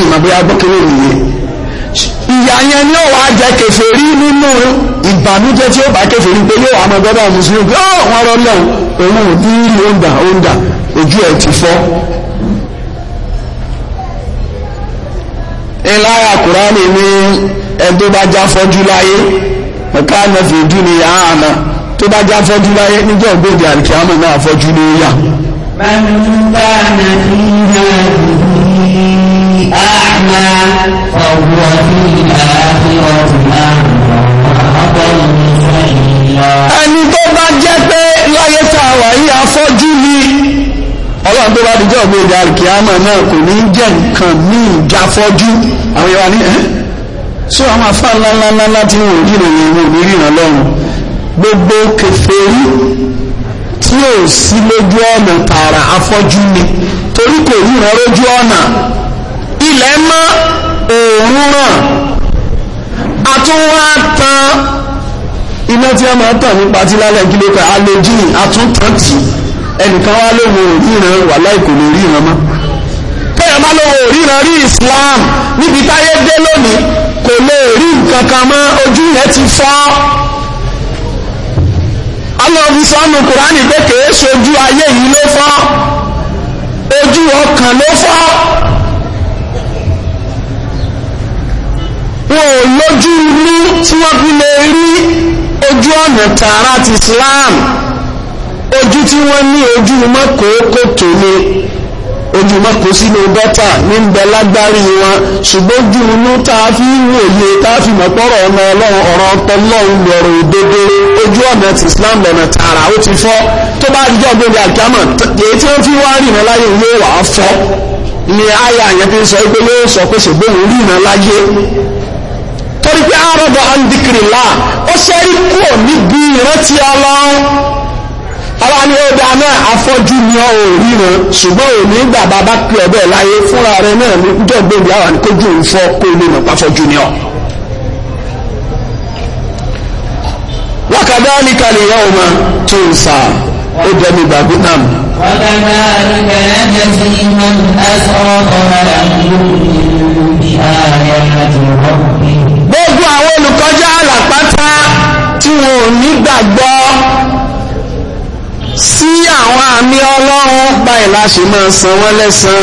Speaker 1: ìmọ̀ bí nìyẹn ìyá yẹn ni ó wà jẹ kèfèrí nínú ìbànújẹ́ tí ó bá kèfèrí pé yóò àmọ́ gbọ́dọ̀ mùsùlùmí pé ó wọn rọ lẹ́hùn òun ò ní ìlú òǹdà òǹdà ojú ẹ̀ ti fọ́ ìlára kùránì ní ẹgbẹ́ bá já fọ́jú láyé ọ̀ká ànàfẹ́ ìdú ni àánà tó bá já fọ́jú láyé níjọ́ ògbóde àríkìámọ̀ náà fọ́jú ní yà ẹni tó bá jẹ́ pé láyé tààwà yí afọ́jú ní ọlọ́run tó bá dìjọ́ ògbóde àríkìámọ̀ náà kò ní jẹ́ nǹkan ní ìjáfọ́jú àwọn ìwà ní ẹ́ sọ àwọn afá ńláńláńlá tí wọ́n rí ìròyìn ìwọ̀n ìrìnà lọ́rùn gbogbo kèfèrí tí ò sí lójú ọ̀nà tààrà afọ́jú ni torí kò ríran lójú ọ̀nà ilẹ̀ mọ́ òórùn ràn àtúnwá tan iná tí a máa tàn nípa tí lálẹ́ kí ló kà á lè jìn àtúntàn tì ẹnìkan wá lóhun òríran wà láì kò ríran mọ́ kéèyàn má lóhun òríran rí Islam níbi táyé dé lónìí kò lè rí nǹkan kan mọ́ ojú yẹn ti fọ́ alọ́ọ̀bí sọ́nù kùránì pé kèé sojú ayé yìí ló fọ́ ojú ọkàn ló fọ́ wọn ò lójú ní tí wọ́n fi lè rí ojú ọ̀nà tààrà ti Islam ojú tí wọ́n ní ojú mọ́kòókò tó ní ojú wọn kò sínú gọ́tà ní ń bẹ lágbárí wọn ṣùgbọ́n ojú inú tá a fi ń wòye tá a fi mọ̀ pọ́rọ̀ ọmọ ọlọ́run ọ̀rọ̀ ọ̀tọ́lọ́run lọ̀rọ̀ òdodo ojú ọ̀nà ti Islam lọ́nà tààrà ó ti fọ́ tó bá dijọ́ gbogbo àjámọ̀ èyí tí ó fi wá rìnà láyé yóò wà fọ́ ni àyà yẹn fi sọ pé yóò sọ pé ṣègbóhùn rìnà láyé torí pé àrọ̀bọ̀ andikirila ó ṣẹ́rí kúrò níbi àwa ni ó dáa náà afọ́jú ni ọ ò ríran ṣùgbọ́n ò ní gbà bàbá pé ọ̀bẹ láyé fúnra rẹ náà ní jọ̀gbọ́n ìyá wa ní kójú òun fọ́ kó lè mọ̀ pàfọ́jú ni ọ. وكذلك اليوم تنسى ادم بابنام وكذلك نجزي من أسرف ولم يؤمن بآيات
Speaker 2: ربه gbogbo àwọn olùkọjá àlàpátá
Speaker 1: tí wọn ò ní gbàgbọ́ sí àwọn àmì ọlọ́run báyìí la ṣe máa san wọ́n lẹ́san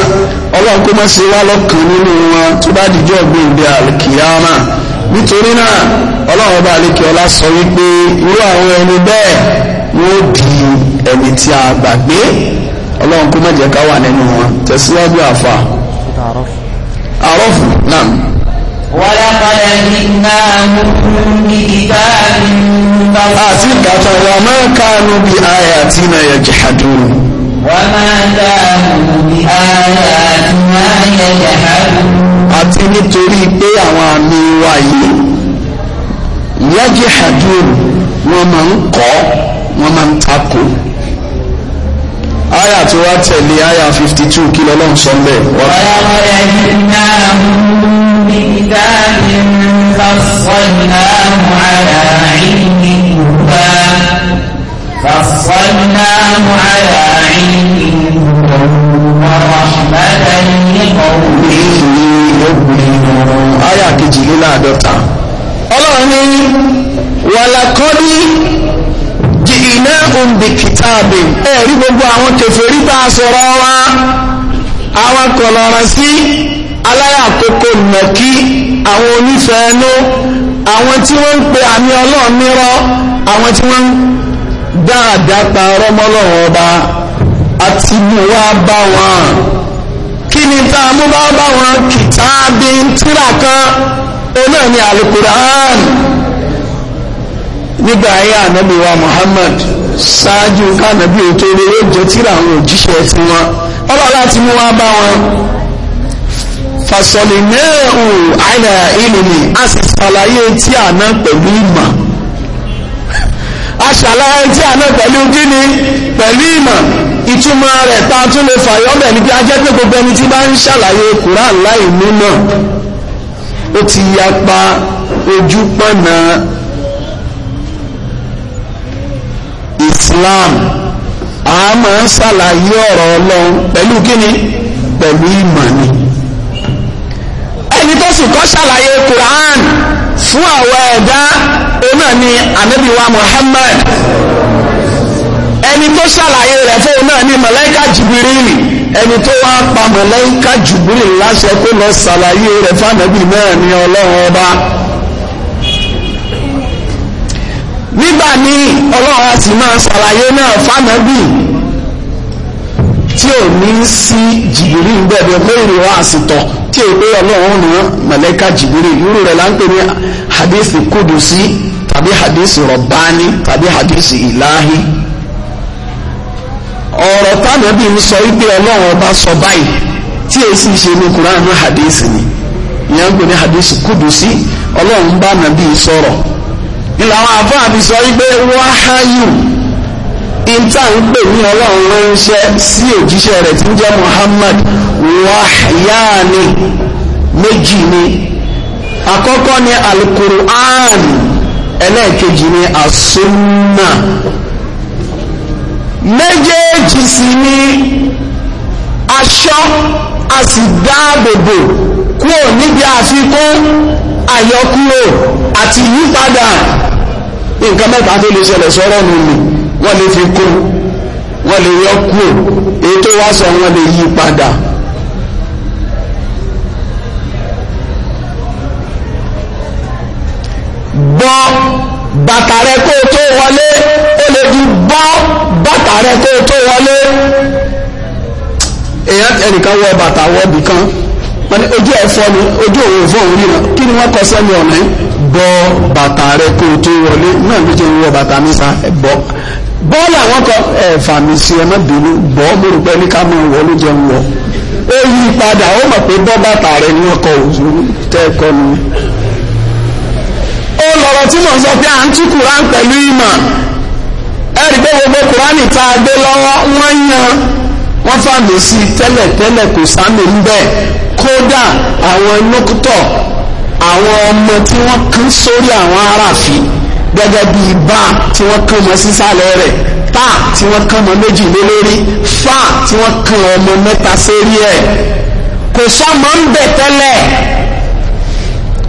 Speaker 1: ọlọ́run kó má ṣe wá lọ́kàn nínú wọn tó bá dìjọ́ gbòǹde àlùkìyàmà nítorí náà ọlọ́run ọba àlekè ọlá sọ wípé irú àwọn ẹni bẹ́ẹ̀ wọ́n di ẹni tí a gbàgbé ọlọ́run kó má jẹ́ ká wà nínú wọn tẹ̀síwájú àfà. àrọ́fù náà. wàlá ní náà mú kú ní ìbáraẹni àti ìdájọ́ wa máa káànú bí ayé àti iná yẹ jìhàdù. wọ́n máa káànú bí ayé àti iná yẹ jìhàdù. àti nítorí pé àwọn àmì wa yìí yẹ jìhàdù wọ́n máa ń kọ́ wọ́n máa ń takò aya tí wá tẹ̀lé aya 52 kí lọ́lọ́run sọ mẹ́
Speaker 2: فصلناه على علم ورحمة
Speaker 1: لقوم يؤمنون آية كجيلة دتا الله ولقد jì iná òǹbì kìtàbì ẹ̀rí gbogbo àwọn kèfèrí bá sọ̀rọ̀ wá àwọn kọ̀lọ̀rọ̀ sí aláyàkókò nàkí àwọn onífẹ́ẹ́nú àwọn tí wọ́n ń pe àmì ọlọ́run nírọ́ àwọn tí wọ́n ń dáadáa pa ọlọ́mọlọ́run ọba àti mú wá bá wọn kí ni tá a mú bá bá wọn kìtàbì tíra kan onáà ní alukur'an nígbà ayé ànábì Muhammad ṣáájú kánàbí ètò eré jẹ́ tíra àwọn òjíṣẹ́ tí wọ́n ọba láti mú wá bá wọn fàṣọlì mẹ́rù àìlà ìlúmi a sì ṣàlàyé tí àná pẹ̀lú ìmọ̀ a ṣàlàyé tí àná pẹ̀lú gíní pẹ̀lú ìmọ̀ ìtumọ̀ rẹ̀ ta tún lè fàyọ́bẹ̀ ní bí a jẹ́ pé gbogbo ẹni tí bá ń ṣàlàyé Kùrán láì mímọ̀ ó ti yapa ojú pọ̀nà islam a máa ń ṣàlàyé ọ̀rọ̀ ọlọ́run pẹ̀lú kíni pẹ̀lú ìmọ̀ ni ẹni tó sì kọ́ ṣàlàyé quran fún àwọn ẹ̀dá òun náà ni anabi muhammad ẹni tó ṣàlàyé rẹ̀ fún òun náà ni mọ̀lẹ́kà jìbìrìlì ẹni tó wá pa mọ̀lẹ́kà jìbìrìlì láṣẹ kó lọ ṣàlàyé rẹ̀ fún anabi náà ni ọlọ́run ọba. nígbà ní ọlọ́run a sì máa ṣàlàyé náà fánàbì tí ò ní sí jìbìrì ń bẹ̀rẹ̀ mẹ́rin wá àsìtọ̀ tí èpè ọlọ́run ní mọ̀lẹ́ka jìbìrì irú rẹ̀ là ń pè ní hadith kudusi tàbí hadith rọ̀bání tàbí hadith ìláhi ọ̀rọ̀ tánàbí ń sọ wípé ọlọ́run ọba sọ báyìí tí èsì ṣe ní Kùránì hadith ni ìyẹn ń pè ní hadith kudusi ọlọ́run bá nàbí sọ̀rọ̀ ìlàwọn àfáà fi sọ wípé wáháyù ìta ń pè ní ọlọ́run ránṣẹ́ sí òjíṣẹ́ rẹ̀ tí ń jẹ́ Muhammad méjì ni àkọ́kọ́ ni alukur'an ẹlẹ́ẹ̀kejì ni méjèèjì ni aṣọ a sì dáàbòbò kúrò níbi àfikún àyọkúrò àti yípadà nǹkan mẹ́ta tó lè ṣẹlẹ̀ sọ́rọ̀ nù ni wọ́n lè fi kún wọ́n lè yọ èyí tó wá sọ wọ́n lè yí padà. bọ́ bàtà rẹ kó o tó wọlé ó lè di bọ́ bàtà rẹ kó o tó wọlé èèyàn ẹnìkan wọ bàtà wọ bìkan wọ́n ní ojú ẹ̀fọ́ ni ojú òun fún òun ríran kí ni wọ́n kọ sẹ́mi ọ̀nà bọ́ bàtà rẹ kó o tó wọlé náà ló jẹ́ ìwọ bàtà mi sa bọ́ bọ́ làwọn kọ ẹ̀fà mi sí ẹ má bínú bọ́ mo rò pé ní ká mọ ìwọ ló jẹun wọ ó yí padà ó mọ̀ pé bọ́ bàtà rẹ ni wọ́n kọ òjò tẹ́ kọ ni ó lọ́rọ̀ tí mò ń sọ pé à ń tú kùrán pẹ̀lú ìmọ̀ ẹ̀rí pé gbogbo kùránì tá gbé lọ́wọ́ wọ́n yan wọ́n fàmì sí tẹ́lẹ̀ tẹ́lẹ̀ kò sámi ń bẹ́ẹ̀ kódà àwọn nukutọ̀ àwọn ọmọ tí wọ́n kán sórí àwọn aráàfin gẹ́gẹ́ bíi bá tí wọ́n kán mọ́ sísàlẹ̀ rẹ̀ tá tí wọ́n kán mọ́ méjì lé fá tí wọ́n kán ọmọ mẹ́ta sérí ẹ̀ kò sọ́mọ́ ń tẹ́lẹ̀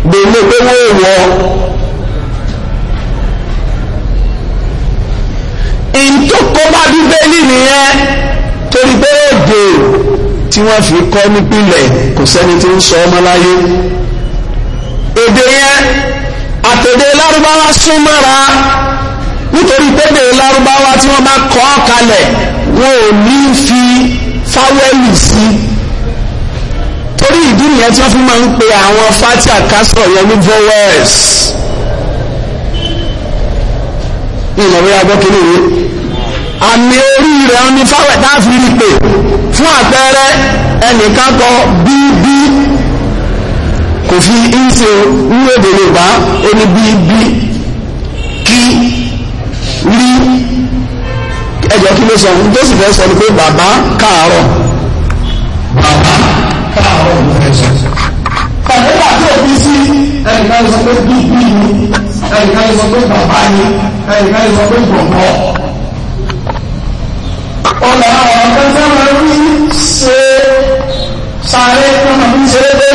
Speaker 1: gbèlè pé torí pé èdè tí wọ́n fi kọ́ nípìnlẹ̀ kò sẹ́ni tí ń sọ ọmọ láyé èdè yẹn àtẹ̀dẹ̀ lárúbáwá súnmọ́ra nítorí pẹ́dẹ̀ lárúbáwá tí wọ́n bá kọ́ kalẹ̀ wọn ò ní fi fáwẹ́lì sí torí ìdí nìyẹn tí wọ́n fi máa ń pe àwọn fatia castro yẹn ní vowels ìlọ̀wé agbọ́kẹ́lẹ́wé àmì orí rẹ̀ ọni fáwẹ̀ táàfin rí pé fún àpẹẹrẹ ẹnìkan kọ bíbí kò fi ìṣe ní èdè Yorùbá ó ní bíbí kí rí ẹjọ́ kí ló sọ ní tó sì fẹ́ sọ ní pé bàbá káàárọ̀ bàbá káàárọ̀ ló fẹ́ sọ. kàdébà tó bí sí ẹnìkan sọ pé bíbí ni ẹnìkan sọ pé bàbá ni ẹnìkan sọ pé gbọ̀ngàn
Speaker 2: ọ̀nà àwọn akẹ́kọ̀ọ́ máa
Speaker 1: ń ṣe sáré fún ọmọ ní ṣeré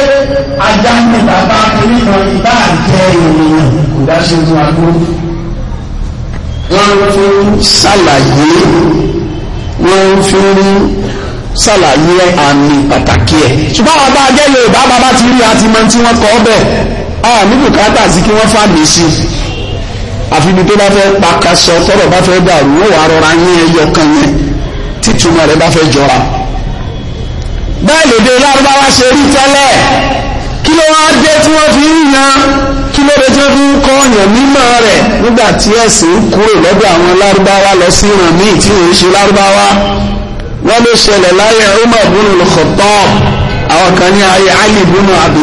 Speaker 1: ajá ní bàbá onímọ̀ ìbá àjẹ́ ènìyàn kò bá ṣe fún agbó. wọ́n fi ṣàlàyé wọ́n fi ṣàlàyé àmì pàtàkì ẹ̀. ṣùgbọ́n àwọn bá ajẹ́ Yorùbá bàbá ti rí àti mọ tí wọ́n kọ́ ọ́ bẹ̀ a ní bùkátà sí kí wọ́n fàmì sí i àfi ibi tó bá fẹ́ pakasọ tọ́rọ̀ bá fẹ́ dàrú wọ́n wà rọra yín ẹyọ kan yẹn tí ìtumọ̀ rẹ̀ bá fẹ́ jọra bẹ́ẹ̀ lèdè lárúbáwá ṣe rí tẹ́lẹ̀ kí ló wá dé tí wọ́n fi ń yan kí ló dé tí wọ́n fi ń kọ́ ọ̀yàn mímọ́ rẹ̀ nígbà tí ẹ̀sìn kúrò lọ́dọ̀ àwọn lárúbáwá lọ sí ìran míì tí wọ́n ń ṣe lárúbáwá wọ́n ló ṣẹlẹ̀ láyé Umar ibn al àwọn kan ní ayé Ali ibn Abi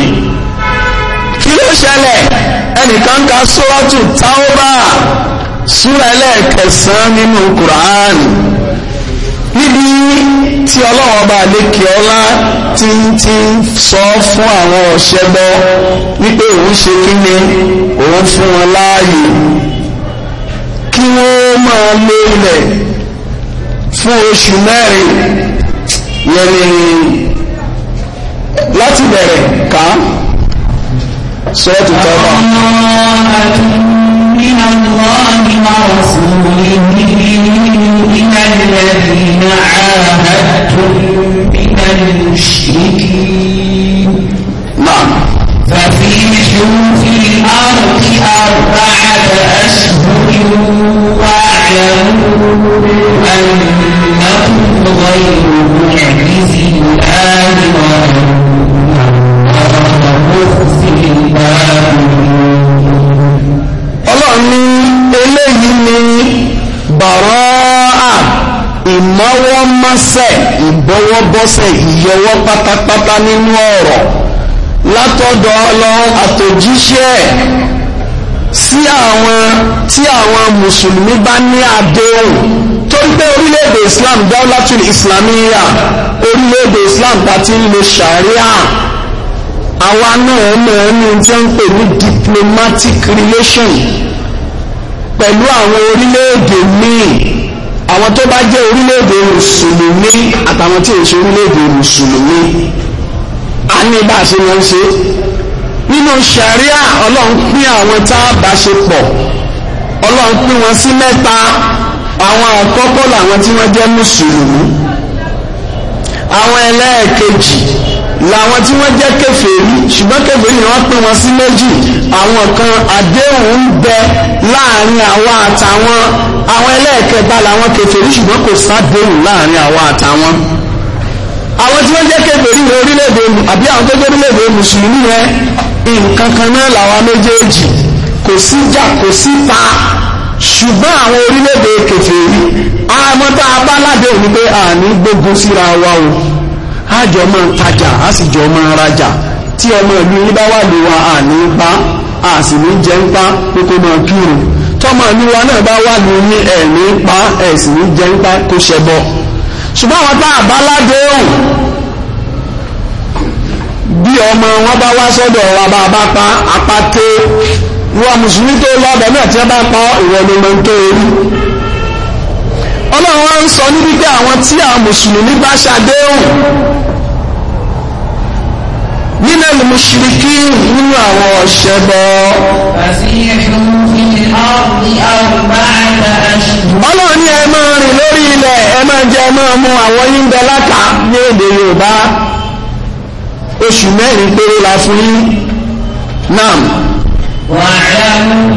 Speaker 1: ni kí ló ṣẹlẹ̀ ẹnìkan ka sóràtù Tawbah súra ẹlẹ́ẹ̀kẹsàn-án nínú Kùránì níbi tí ọlọ́wọ́ bá lékè ọlá tí ń ti sọ fún àwọn ọ̀ṣẹbọ wípé òun ṣe kíni òun fún wọn láàyè kí wọ́n máa lé ilẹ̀ fún oṣù mẹ́rin yẹni láti bẹ̀rẹ̀ ká sọ́ọ̀tù tọ́ba. من الله ورسوله من الذين عاهدتم من المشركين نعم ففي في الأرض
Speaker 2: أربعة أشهر واعلموا أنكم غير معجز الله وأن الله مخزي الباب ọlọ́run ní eléyìí
Speaker 1: ni bàrọ́à ìmọ́wọ́mọ́sẹ̀ ìbọ́wọ́bọ́sẹ̀ ìyọwọ́ pátápátá nínú ọ̀rọ̀ látọ̀dọ̀ ọlọ́run àtòjíṣẹ́ sí àwọn tí àwọn mùsùlùmí bá ní àdéhùn tó ń pé orílẹ̀-èdè islam dáwọ́látùn islamiyya orílẹ̀-èdè islam bá ti ń lo sharia àwa náà mọ̀ ẹni jẹ́ ń pè ní diplomatic relation pẹ̀lú àwọn orílẹ̀-èdè míì àwọn tó bá jẹ́ orílẹ̀-èdè mùsùlùmí àtàwọn tí ò ṣe orílẹ̀-èdè mùsùlùmí a ní bá a ṣe wọ́n ṣe nínú sàríà ọlọ́run pín àwọn tá a bá ṣe pọ̀ ọlọ́run pín wọn sí mẹ́ta àwọn àkọ́kọ́ làwọn tí wọ́n jẹ́ mùsùlùmí àwọn ẹlẹ́ẹ̀kejì làwọn tí wọ́n jẹ́ kèfèrí ṣùgbọ́n kèfèrí wọ́n pín wọn sí méjì àwọn kan àdéhùn ń bẹ láàrin àwa àtàwọn àwọn ẹlẹ́ẹ̀kẹta làwọn kèfèrí ṣùgbọ́n kò sádéhùn láàrin àwa àtàwọn àwọn tí wọ́n jẹ́ kèfèrí ní orílẹ̀-èdè àbí àwọn tó jẹ́ orílẹ̀-èdè mùsùlùmí rẹ nǹkan kan náà làwọn méjèèjì kò sí jà kò sí ta ṣùgbọ́n àwọn orílẹ̀-èdè kèfèrí àmọ́ tá a bá ládéhùn á jọ máa tajà á sì jọ máa rajà tí ọmọ ìlú yín bá wà lè wa àní pa a sì ní jẹ́ ń pa pé kó máa kírun tọ́mọ ìlú wa náà bá wà lè ní ẹ̀ní pa ẹ̀ sì ní jẹ́ ń pa kó ṣẹbọ ṣùgbọ́n àwọn tá a bá ládéhùn bí ọmọ wọn bá wá sọ́dọ̀ wa bá bá pa apá ké wọn mùsùlùmí tó lọ́dọ̀ náà tí wọ́n bá pa ìwọ̀n ló máa ń ọlọ́run wá ń sọ níbi pé àwọn tí àwọn mùsùlùmí bá ṣàdéhùn nínú ìmùsùlùmí nínú àwọn ọ̀ṣẹ́bọ. ọlọ́run ní ẹ máa rìn lórí ilẹ̀ ẹ máa jẹ ẹ máa mu àwọn yín bẹ láta ní èdè yorùbá oṣù mẹ́rin péré la fún yín náà. wàá dáhùn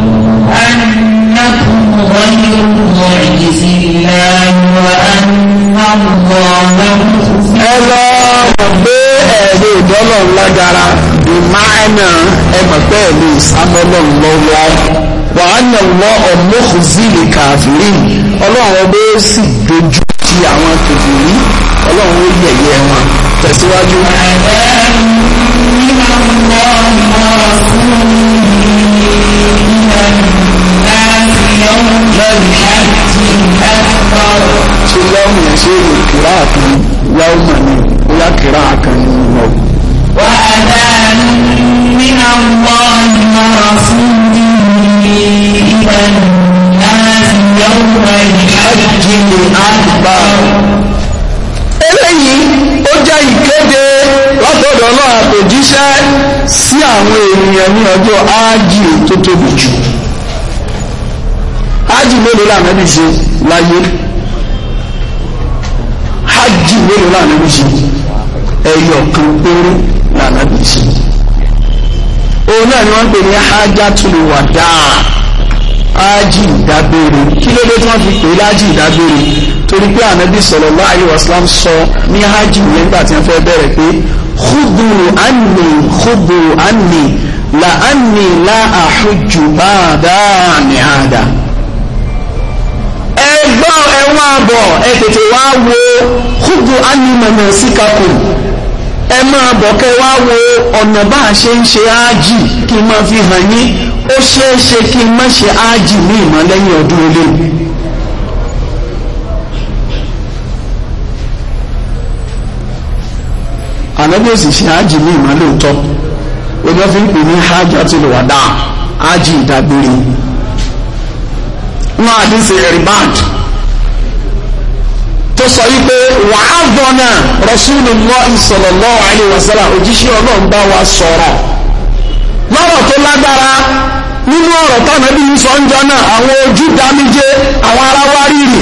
Speaker 1: ẹni. غير معجز الله وأن الله ألا ọ̀gbẹ́ ẹ̀rí ìdọ́lọ̀ lágara bí máàna ẹ̀mọ̀ pẹ̀lú ìsámọ́lọ̀ lọ́wọ́ wàhánà lọ ọ̀mọ́kùzílì kàfìrí ọlọ́run ọgbẹ́ sì dojú ti àwọn kìfìrí ọlọ́run ó yẹ̀yẹ́ wọn tẹ̀síwájú. àdá nínú ọmọ
Speaker 2: ọmọ ọkùnrin.
Speaker 1: ṣe yọ́ọ̀mù yẹn ṣe lè kíra àkàn yọ́ọ̀mù ni ó yá kíra àkàn ní ìwọ̀.
Speaker 2: wà á dá ní àwọn ọmọ fún mi ìgbà náà
Speaker 1: yọ́ọ̀mù ìhàjì ní àgbà. eléyìí ènìyàn ní ọjọ́ áájì tó tóbi jù hajj mélòó lànà bí ṣe láyé hajj mélòó lànà bí ṣe ẹyọ kan péré lànà bí ṣe òun náà ni wọ́n pè ní hajjatul wadaa ájì ìdágbére kí ló dé tí wọ́n fi pè é lájì ìdágbére torí pé ànábì sallallahu alaihi wasallam sọ ní ájì yẹn nígbà tí wọ́n fẹ́ bẹ̀rẹ̀ pé khudhu anni khudhu anni la anni la ahujju ba'da 'ami hada. abụọ ekete wa wo hụbụ anụma na sikapụ ema bụ kewa wo ọnọba ase nse aji ka ma fi hanye o seese ka ma se aji ni ma lẹyin ọdun ole anabi o si se aji ni ma lóòótọ o ma fi n pè ní hajj ati lo wada aji idagbere wọn a ti tó sọ wípé wàhálà Rasulullahi sallallahu alaihi wasallam òjíṣẹ́ ọlọ́run bá wa sọ̀rọ̀ lọ́rọ̀ tó lágbára nínú ọ̀rọ̀ tánàbí ń sọ ń jọ náà àwọn ojú dámíjé àwọn ará wá rírì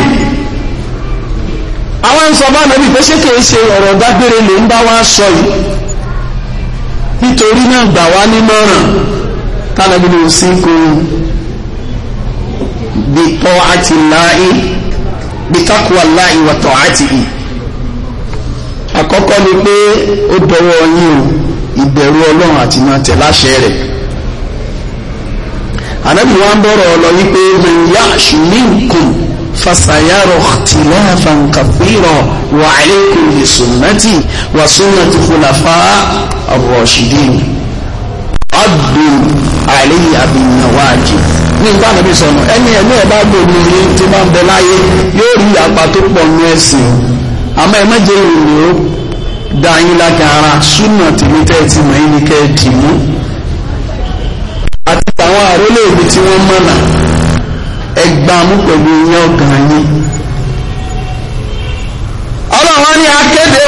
Speaker 1: àwọn ń sọ bá nàbí pé ṣé kìí ṣe ọ̀rọ̀ dágbére ń bá wa sọ yìí nítorí náà gbà wá nímọ̀ràn bitakwa Allahi wa ta'atihi àkọ́kọ́ ni pé ó dọwọ́ yín o ìbẹ̀rù ọlọ́run àti máa tẹ̀ láṣẹ rẹ̀ ànábì wa ń bọ̀rọ̀ lọ wípé man ya'shu minkum fasayara ikhtilafan kathira wa alaykum bi sunnati wa sunnati khulafa ar adù àìlèyìn àbìnàwájì ní ìgbà nàbí sọnù ẹni ẹni ẹ bá gbòmí ní tí bá bẹ láyé yóò rí apá tó ní ẹ̀sìn àmọ́ ẹ mẹ́jẹ ìròyìn ó da yín lákẹ́ ara súnà tèmi ti mọ̀ yín ní kẹ́ ẹ dì mú àti àwọn àrólé ibi tí mú yín. ọlọ́run á ní akéde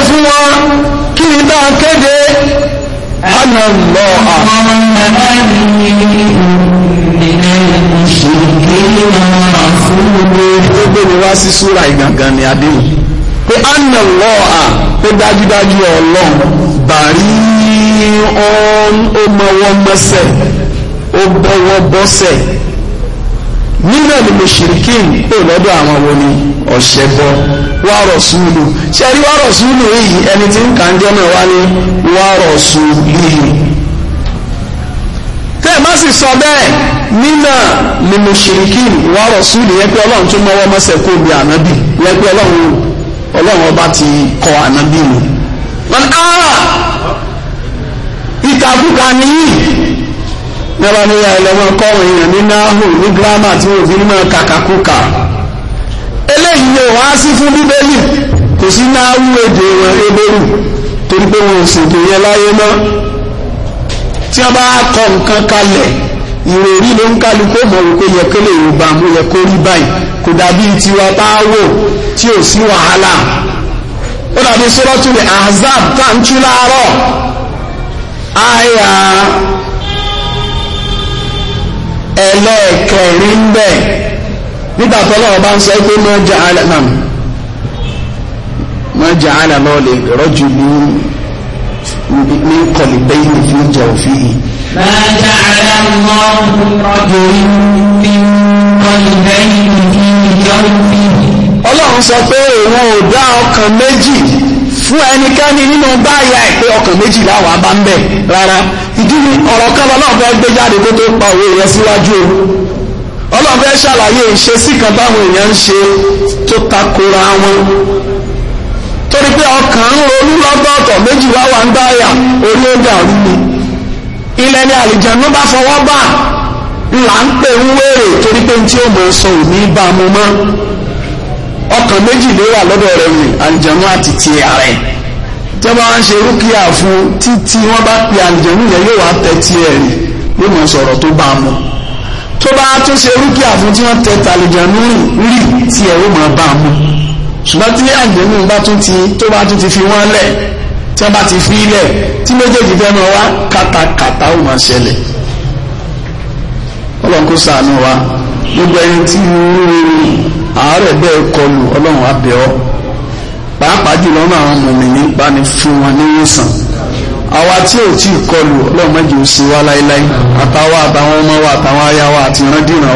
Speaker 2: أنا الله
Speaker 1: Gbogbo wa sí súra ìgangan ni Adéhùn. Pé Anna Lọ́ọ̀à pé dájúdájú Ọlọ́run bàrí ó mọwọ́ mọ́sẹ̀, ó bọ́wọ́ bọ́sẹ̀, nínú ẹ̀lú mùsùlùkín pè lọ́dọ̀ àwọn wo ni ọ̀ṣẹ̀bọ wárọ̀ súlù ṣe rí wárọ̀ súlù yìí ẹni tí ń kàńjọ́ náà wá ní wárọ̀ súlù tẹ́ ẹ̀ má sì sọ bẹ́ẹ̀ nínú ni mùsùlùkín wárọ̀ súlù yẹ pé ọlọ́run tó mọ́wọ́ mọ́sẹ̀ kó ànábì yẹ pé ọlọ́run ọlọ́run ọba ti kọ ànábì wọn á lọ́wọ́ ya ẹlẹ́wọ̀n kọ́wọ̀ èèyàn ní náhù ní gírámà tí wọ́n fi mọ́ kàkàkùkà eléyìí yóò wá sí fún bíbélì kò sí náhù èdè wọn ebérù torí pé wọn ò ṣètò yẹn láyé mọ́ tí wọ́n bá kọ nǹkan kalẹ̀ ìròrí ló ń kálukú mọ̀ wípé yẹ kó lè yorùbá mú yẹ kó rí báyìí kò dàbí tiwa azab tá à ń ẹlẹ́ẹ̀kẹrin ń bẹ̀ nígbà tó lọ́wọ́ bá ń sọ pé mọ́ jẹ́ alamam mọ́ jẹ́ alamọ́ lè rọ́jù ní ní kọ̀lùbẹ́ yìí fi jẹ òfin yìí. Má jẹ́ alamọ́ rọ́jù ní kọ̀lùbẹ́ yìí fi jẹ òfin yìí. Ọlọ́run sọ pé òun ò dá ọkàn méjì. fún ẹnikẹ́ni nínú báyà ìpé ọkàn méjìlá wà bá ń bẹ̀ rárá ìdíni ọ̀rọ̀ kọ́lọ́ náà fẹ́ gbé jáde kó tó pa òwe yẹn síwájú o ọlọ́run fẹ́ ṣàlàyé ìṣesí kan báwọn èèyàn ń ṣe tó takora wọn torí pé ọkàn ń ronú méjìlá wà ń báyà orí ó dàrú ọkàn méjì ló wà lọ́dọ̀ rẹ̀ rìn àǹjẹ̀mú àti ti ààrẹ tí wọ́n bá ń ṣe rúkìá fún títí wọ́n bá pe àǹjẹ̀mú yẹn yóò wá tẹ́tí ẹ̀ rìn yóò mọ̀ sọ̀rọ̀ tó bá a mọ̀ tó bá tún ṣe rúkìá fún tí wọ́n tẹ tàlùjẹ̀mú rí tí ẹ̀ yóò mọ̀ bá a mọ̀ ṣùgbọ́n tí àǹjẹ̀mú bá tún ti tó bá tún ti fi wọ́n lẹ̀ tí wọ́n bá ti fi lẹ̀ tí méjèèjì fẹ́ mọ̀ wá kàtàkàtà ó máa ṣẹlẹ̀ ọlọ́run kó ṣàánú wa gbogbo ẹni tí mo rú àárẹ̀ bẹ́ẹ̀ kọlù ọlọ́run abẹ́ ọ pàápàá jùlọ náà àwọn mọ̀mìnì bá ní fún wọn ní ìwòsàn àwa tí ò tí ì kọlù ọlọ́run mẹ́jọ ò sí wa láéláé àtàwọn àtàwọn ọmọ wa àtàwọn aya wa àti wá tẹ̀lé dá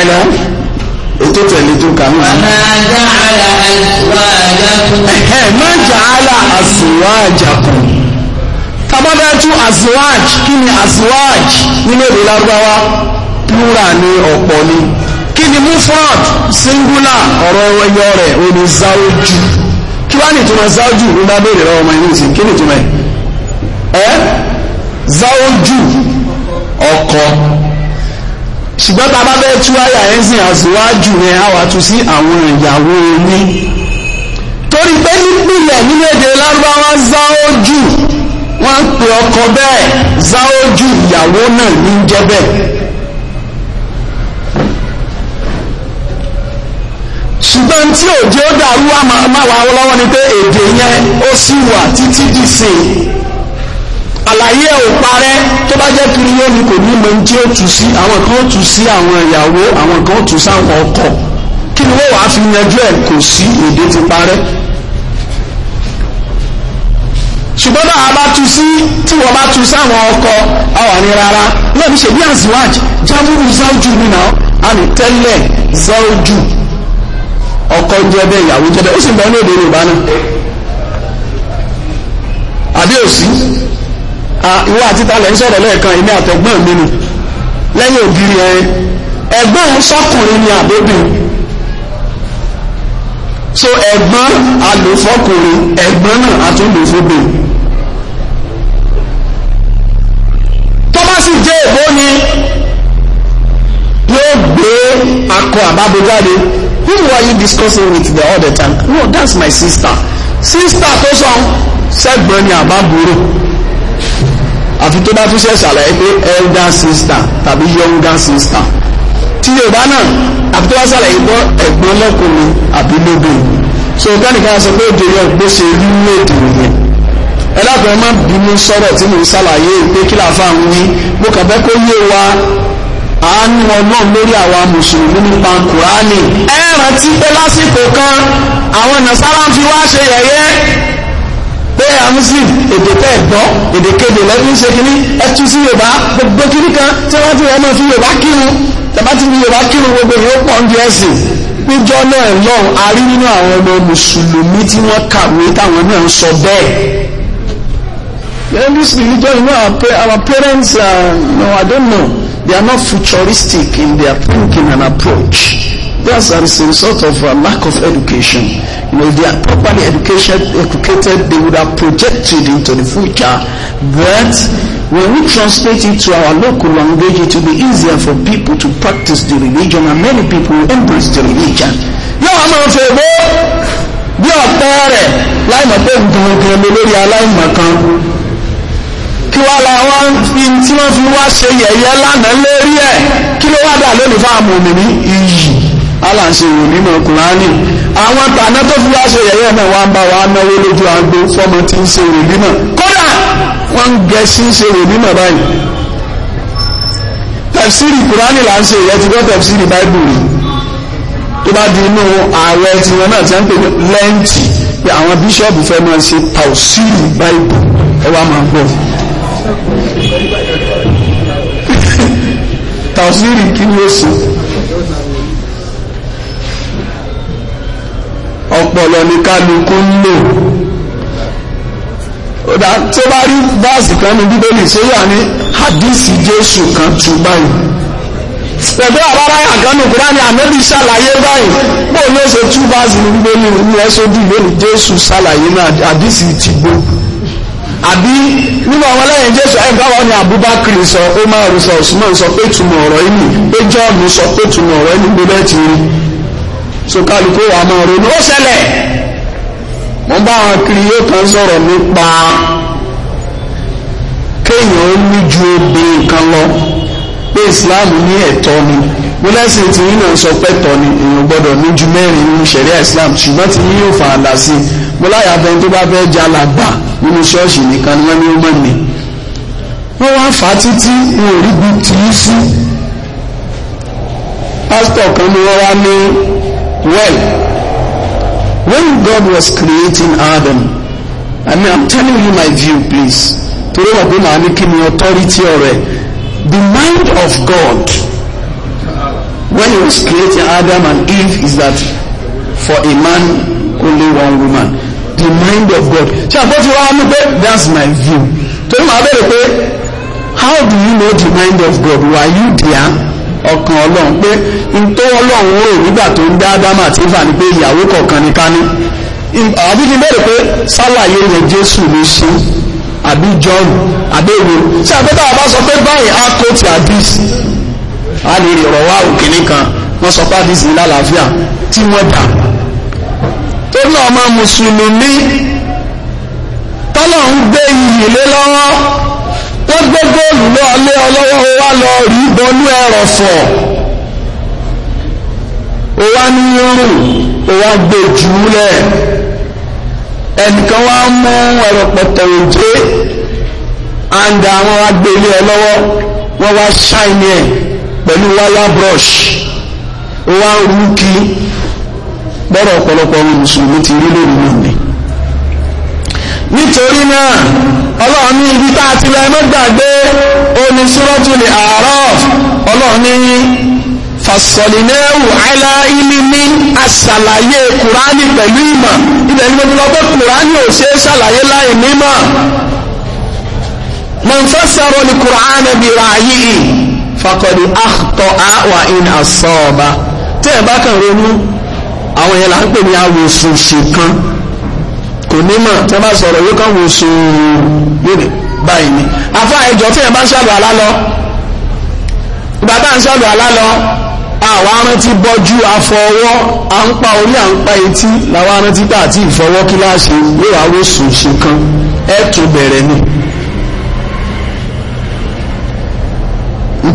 Speaker 1: ara ètò tẹ̀lé tó kà náà. ẹ̀hẹ́ má jàálà àsìwájàkùn tabadájú àsìwáj kí ni àsìwáj nílé èdè lárúbáwá plural ni ọ̀pọ̀ ni kí ni mufrad singular ọ̀rọ̀ ẹyọ rẹ̀ oní záwójú kí wá ní ìtumọ̀ záwójú ló bá béèrè lọ́wọ́ ọmọ inú ìsìn kí ni ẹ̀ záwójú ọkọ ṣùgbọ́n tá a bá fẹ́ tú àyà ẹ̀ sìn àṣìwájú yẹn á wà tú sí àwọn ìyàwó ilé torí pé nípìnlẹ̀ nílé èdè lárúbáwá záójù wọ́n pe ọkọ bẹ́ẹ̀ záójù ìyàwó náà ní jẹ́ bẹ́ẹ̀. ṣùgbọ́n tí òjò dàrú àmàwà lọ́wọ́ ni pé èdè yẹn ó sì wà títí dìsìn àlàyé ẹ̀ ò parẹ́ tó bá jẹ́ kiri yóò ní kò ní mọ tí ó tù sí àwọn kan ó tù sí àwọn ìyàwó àwọn kan ó tù sáwọn ọkọ kí ni wọ́n wàá fi yanjú ẹ̀ kò sí èdè ti parẹ́ ṣùgbọ́n bá a bá tu sí tí wọ́n bá tu sáwọn ọkọ àwọn ní rárá náà ní ṣèbí àzíwájì jábúrú záújù mi náà a ní tẹ́lẹ̀ záújù ọkọ jẹ́ bẹ́ẹ̀ ìyàwó jẹ́ bẹ́ẹ̀ ó sì bẹ́ẹ̀ ní èdè Yorùbá náà àbí òsì ìwọ àti talẹ̀ ń sọ̀rọ̀ lẹ́ẹ̀kan èmi àtẹ̀gbọ́n mi nù lẹ́yìn ògiri ẹ̀ ẹ̀gbọ́n ń sọkùnrin ni àbóbì so ẹ̀gbọ́n àlòfọ́kùnrin ẹ̀gbọ́n náà àtúndòfóbì tọ́lá sì jẹ́ èbó ni yóò gbé akọ àbábojáde who were you discussing with the other time no that's my sister sister tó sọ sẹ́gbọ́n ni àbábúrò àfi tó bá tún ṣe ṣàlàyé pé elder sister tàbí younger sister tí yorùbá náà àfi tó bá ṣàlàyé gbọ́ ẹ̀gbọ́n lọ́kùnrin àbí lóbìn so kánìkan sọ pé òjò yẹn gbé ṣe rí ní èdè nìyẹn ẹlẹ́kọ̀ọ́ má bínú sọ̀rọ̀ tí mo ṣàlàyé pé kí làáfà ń wí mo kàn fẹ́ kó yé wa àánú ọlọ́run lórí àwa mùsùlùmí nípa kùránì ẹ rántí pé lásìkò kan àwọn nàṣàrà ń fi wá ṣe yẹ̀yẹ́ pé a muslim èdè tẹ́ ẹ̀gbọ́ èdè kéde lẹ́yìn ṣe kìíní ẹtù sí yorùbá gbogbo kìíní kan tí wọ́n ti ẹmọ fi yorùbá kírun tàbá ti fi yorùbá kírun gbogbo yóò pọ̀ ń di ẹ̀sìn níjọ́ náà lọ́run a rí nínú àwọn ọmọ mùsùlùmí tí wọ́n kàwé táwọn náà ń sọ bẹ́ẹ̀ Then this religion, you know, our, our parents, uh, no, I don't know, they are not futuristic in their thinking and approach. That's as a result of a lack of education. You know, if they are properly educated, educated, they would have projected into the future that when we translate it to our local language, it will be easier for people to practice the religion and many people will embrace the religion. bí ọ̀pẹ́ rẹ̀ láìmọ̀ pé nǹkan ọ̀gbìn lórí aláìmọ̀ Kí wá la wọ́n tí wọ́n fi wá ṣe yẹ̀yẹ́ lánàá lérí ẹ̀ kí ló wá dà lónìí fáwọn òmìnir iyì. Allah ń ṣe ìwò mímọ̀ kùránì àwọn tàná tó fi wá ṣe yẹ̀yẹ́ náà wá ń bá wa náwó lójú agbo fọmọ tí ń ṣe ìwò mímọ̀ kódà wọ́n ń gẹ sí ń ṣe ìwò mímọ̀ báyìí tẹ̀fsìrì kùránì là ń ṣe ìyẹn ti gbọ́ tẹ̀fsìrì báìbù rí tó bá di inú ààrẹ tiwọn náà ti ń pè lẹ́ǹtì pé àwọn bíṣọ́ọ̀bù fẹ́ máa ṣe tẹ̀fsìrì báìbù ẹ wá máa gbọ́ [LAUGHS] tẹ̀fsìrì kí ni ó sùn ọpọlọ ní kálukú ń lò ó bá rí báàsì kan ní bíbélì tó yà ní hadisi jésù kan tú báyìí pẹ̀lú àbára àkànnù kúránì ànábì ṣàlàyé báyìí bó ló ṣe tú báàsì ní bíbélì ní ẹ́sọ́dì ìbéèrè jésù ṣàlàyé hadisi àbí nínú àwọn jésù ni abubakar sọ sọ pé ọ̀rọ̀ yìí pé sọ pé ọ̀rọ̀ yìí ti rí so kálukú wa máa ronú ó ṣẹlẹ̀ mo bá àwọn kiri kan sọ̀rọ̀ nípa kéèyàn ó ní ju obìnrin kan lọ pé Islam ní ẹ̀tọ́ ni mo lẹ́sìn tí yín náà sọ pé ẹ̀tọ́ ni èèyàn gbọ́dọ̀ ní ju mẹ́rin nínú ṣẹ̀ríà Islam ṣùgbọ́n tí yín yóò fa àlà sí i mo láyà bẹni tó bá fẹ́ jala gbà nínú ṣọ́ọ̀ṣì nìkan ni wọ́n ní ó mọ̀ ní. wọ́n wá fà á títí ìròrí bíi sí pásítọ̀ kan ni wọ́n wá ní. Well, when God was creating Adam, I mean, I'm telling you my view, please. Torí wà pé màá ní kí authority ọ̀rẹ́. The mind of God when he was creating Adam and Eve is that for a man only one woman. The mind of God. Ṣé àpótí wa ní pé that's my view. Torí màá bẹ̀rẹ̀ pé how do you know the mind of God? Were you there? ọkàn ọlọ́run pé ntó ọlọ́run wò nígbà tó ń dá ádámù àti Éfà ni pé ìyàwó kọ̀ọ̀kan ni ká ní àbí kí n bẹ̀rẹ̀ pé sálàyé rẹ̀ Jésù ló ṣe àbí John àbẹ́wò tí àbẹ́tà bá sọ pé báyìí á kó ti àdís a lè rí ọ̀rọ̀ wá òkè nìkan wọ́n sọ pé àdís ní lálàáfíà tí wọ́n dà tó ní ọmọ mùsùlùmí tọ́lọ̀ gbé iyì lé lọ́wọ́ wọ́n gbé góòlù náà lé ọlọ́wọ́ wa lọ rí bọnú ẹrọ̀fọ̀ ó wá ní rìn ó wá gbé jùúlẹ̀ ẹnìkan wá mú ẹ̀rọ pẹ̀tẹ̀ òjé àǹdà àwọn wá gbé ilé ẹ lọ́wọ́ wá ṣáìní ẹ̀ pẹ̀lú wáyà brush ó wá rú kí bọ́rọ̀ ọ̀pọ̀lọpọ̀ ọmọ mùsùlùmí ti rí lórí náà ni nítorí náà ọlọ́run ní ibi tá a ti lọ ẹmọ́ gbàgbé omi súrọ́tù ní àárọ̀ ọlọ́run ní fàṣọlìnẹ́wù àìlá ilé ní aṣàlàyé kùránì pẹ̀lú ìmọ̀ ibẹ̀ ni mo ti lọ pé kùránì ò ṣe é ṣàlàyé láì mímọ̀ mọ̀ n fẹ́sẹ̀rọ ní kùránì bí ráyé fakọ̀dí àtọ̀ àwà in àṣọ ọba tí ẹ̀ bá kàn ronú àwọn yẹn là ń pè ní awòsùn ṣèkan kò nímọ̀ tí wọ́n bá sọ̀rọ̀ yóò kàn wò sóòrò lónìí báyìí ni afá ẹjọ́ tí yẹn bá ń sọ̀rọ̀ àlá lọ ìgbà tá à ń sọ̀rọ̀ àlá lọ àwọn arántí bọ́jú afọwọ́ à ń pa orí à ń pa etí làwọn arántí tà àti ìfọwọ́ kíláàsì yóò àwọn oṣù ṣe kan ẹ̀ tó bẹ̀rẹ̀ ni.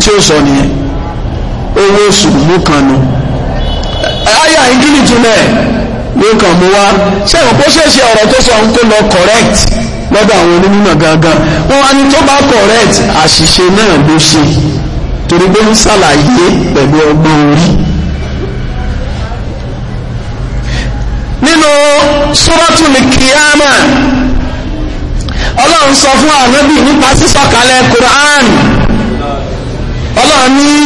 Speaker 1: tí ó sọ nìyẹn owó oṣù mú kan ni. ayà ìdílé ló kàn mú wá sẹ́wọ̀n kó ṣẹ̀ṣẹ̀ ọ̀rọ̀ tó sọ kó lọ correct lọ́dọ̀ àwọn onímọ̀ gangan wọ́n wá ní tó bá correct àṣìṣe náà ló ṣe torí pé ń ṣàlàyé pẹ̀lú ọgbọ́n orí. nínú suratul Qiyamah ọlọ́run sọ fún ànábì nípa sísọ̀kalẹ̀ Qur'an ọlọ́run ní.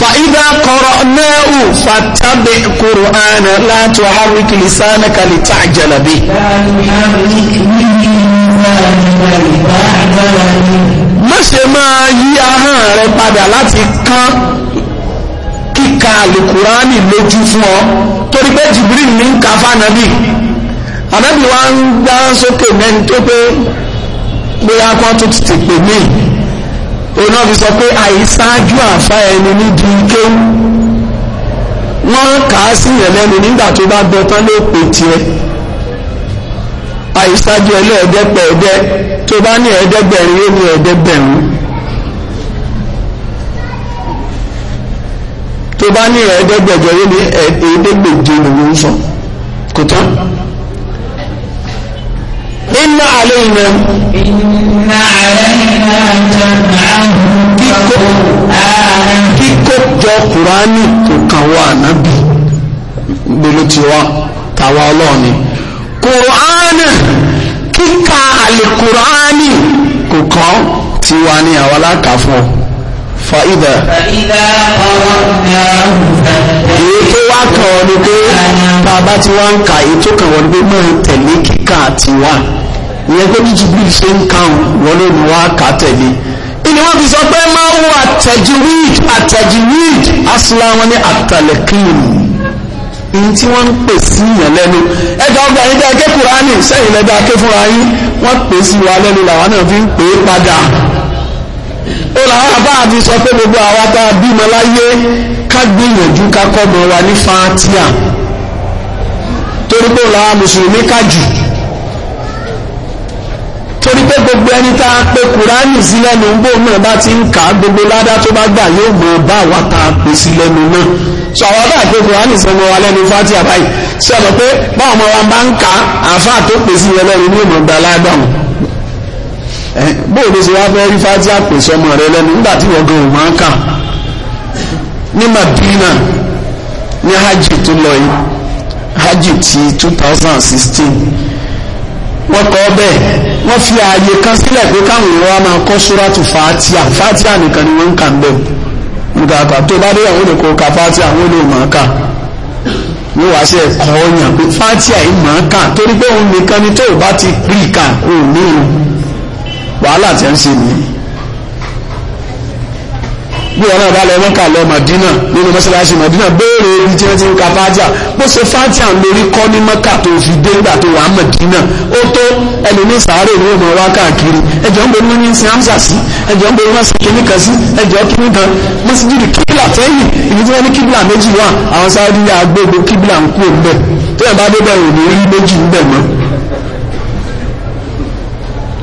Speaker 1: فإذا قرأناه فاتبع قرآنا لا تحرك لسانك لتعجل به má ṣe máa yí ahọ́n rẹ padà láti kán kíka alukurani lójú fún ọ torí pé Jibril ní ń ka fánabi ànábì wa ń gbá sókè mẹ́ni tó pé bóyá kan tó ti tèpè míì òun náà fi sọ pé àìsáájú àfa ẹni níbi ike wọ́n kà á sí yẹn lẹ́nu nígbà tó bá gbọ́ tán ló pè tiẹ̀ àìsáájú ẹlẹ́ẹ̀dẹ́gbẹ̀ẹ́dẹ́ tó bá ní ẹ̀ẹ́dẹ́gbẹ̀rin ó ní ẹ̀ẹ́dẹ́gbẹ̀rún tó bá ní ẹ̀ẹ́dẹ́gbẹ̀jọ ó ní ẹ̀ẹ́dẹ́gbẹ̀je lòún sọ kò tán inna alayna inna alayna kíkó jọ kùránì kò kàn wá nábì gbolo ti wá tàwa ọlọ́ọ̀ni kùránì kíkà àlè kùránì kò kàn ti wá ní àwọn aláka fún ọ fàídà èyí tó wá kàn ọ ni pé bàbá tí wá ń kà èyí tó kàn wọ́n ni pé mọ́ tẹ̀lé kíkà tiwa ìyẹn pé bí Jibril ṣe ń kàn wọ́n ló ní wọ́n á kà á tẹ̀lé ìní wọ́n fi sọ pé máa ń wọ àtẹ̀jìwìd àtẹ̀jìwìd asúlá wọn ní àtàlẹ́kìn ní tí wọ́n ń pè sí ìyẹn lẹ́nu ẹ̀ka ọgbà yìí dáké Kùránì sẹ́yìn lẹ́dọ̀ aké fúnra yín wọ́n pè sí wa lẹ́nu làwọn náà fi ń pè é padà ó làwọn àbá àti sọ pé gbogbo àwa tá a bímọ láyé ká gbìyànjú ká kọ́ mọ́ wa ní Fátíà torí pé làwọn mùsùlùmí ká jù torí pé gbogbo ẹni tá a pè kùránì sí lẹ́nu gbó náà bá ti ń kà á gbogbo ládá tó bá gbà yóò gbọ́ bá wa tá a pè sí lẹ́nu náà sọ àwọn bá pè kùránì sẹ́nu wa lẹ́nu fati àbáyé sọ lọ pé báwọn ọmọ wa bá ń kà á àfa tó pè sí yẹn lẹ́nu ní ìmọ̀gbà ládàmù bóòdó sì wá fẹ́ rí fati àpè sọmọ rẹ lẹ́nu nígbà tí wọ́n gan ò máa ń kà ní Madina ní hajj tó lọ yìí hajj ti 2016 wọ́n kọ́ bẹ́ẹ̀ wọ́n fi ààyè kan sílẹ̀ pé káwọn ìwọ́ máa kọ́ súrátù fàátíà fàátíà nìkan ni wọ́n ń kà ń bẹ̀ nǹkan tó bá dé àwọn olùkọ́ ka fàátíà wọ́n lè máa kà ní wàá ṣe ẹ̀kọ́ ọ̀yàn pé fàátíà yìí máa kà torí pé òun nìkan ni tó o bá ti rí kà òun ní wàhálà tí ń ṣe nìyí bí ọ̀rọ̀ ọ̀bá lọ wọ́n kà lọ Madina nínú mọ́ṣáláṣí Madina béèrè ibi tí wọ́n ti ń ka fájà bó ṣe fájà lórí kọ́ ní Mẹ́kà tó fi dé ìgbà tó wà Madina ó tó ẹni ní sàárè ní ọmọ wa káàkiri ẹjọ́ ń bẹ ní sin Hamza sí ẹjọ́ ń bẹ ní sin kìnnì kan sí ẹjọ́ kìnnì kan mọ́sídìrì kíbla tẹ́yìn ibi tí wọ́n ní kíbla méjì wà àwọn sáré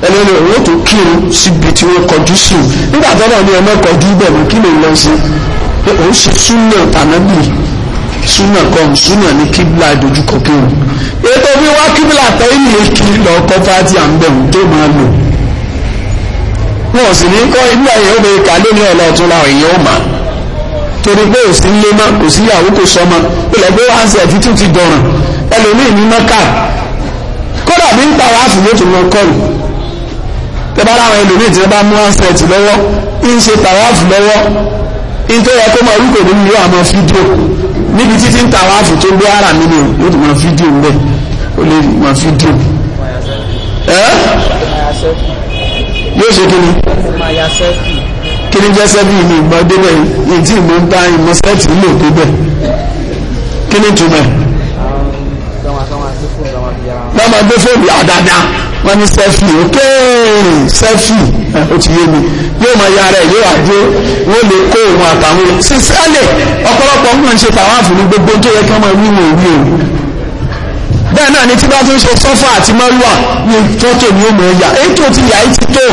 Speaker 1: ẹni ẹni òun tó kírun síbi tí wọ́n kọjú sí nígbà tó náà ní ọmọ kọjú bẹ̀ mú kí lè lọ sí pé òun ṣe súnà tànábì súnà kan súnà ní kíbla ìdojúkọ kírun ètò bí wá kíbla tẹ́yìn lè kí lọ kọ́ fáti à ń bẹ̀ òun tó máa lò wọn sì ní kọ́ ilé ayé ó lè kà lónìí ọlọ́ọ̀tún làwọn èèyàn ó máa torí pé ò sí lé mọ́ kò sí ìyàwó kò sọmọ ilẹ̀ pé wọ́n á sẹ̀ títún ti dọ̀ràn ẹlòmíì ní mọ́kà kódà bí ń pa wàá fún mọ́tò wọn kọ́ọ̀lù tẹ́bá láwọn ẹlòmíì tí wọ́n bá mú ansẹ̀tì lọ́wọ́ ń ṣe tàwáàfù lọ́wọ́ in tó yẹ kó mọ̀ orúkọ ní ìlú àwọn fídíò níbi títí ń tàwáàfù tó gbé ara mi ni o ti mọ fídíò ń bẹ̀ ó lè mọ fídíò ẹ́ yóò ṣe kí ni kí ni jẹ́ sẹ́bì ní ìgbọ́ débẹ̀ yìí tí ń bá ìmọ̀ sẹ́ẹ̀tì lò débẹ̀ kí ni túmọ̀ lọ́mọdé fóònù àdáadáa wọ́n ní sẹ́fì òkè sẹ́fì ó ti yé mi yóò mọ ya rẹ̀ yóò àjò wọ́n lè kó òun àtàwọn sísẹ́lẹ̀ ọ̀pọ̀lọpọ̀ ń ṣe tàwọn àfòní gbogbo tó yẹ kí wọ́n wí wọ́n bẹ́ẹ̀ náà ni tí bá tún ṣe sọ́fà àti mọ́lúwà ní tó tò ní ó ẹ̀yà ètò ti yà á ti tó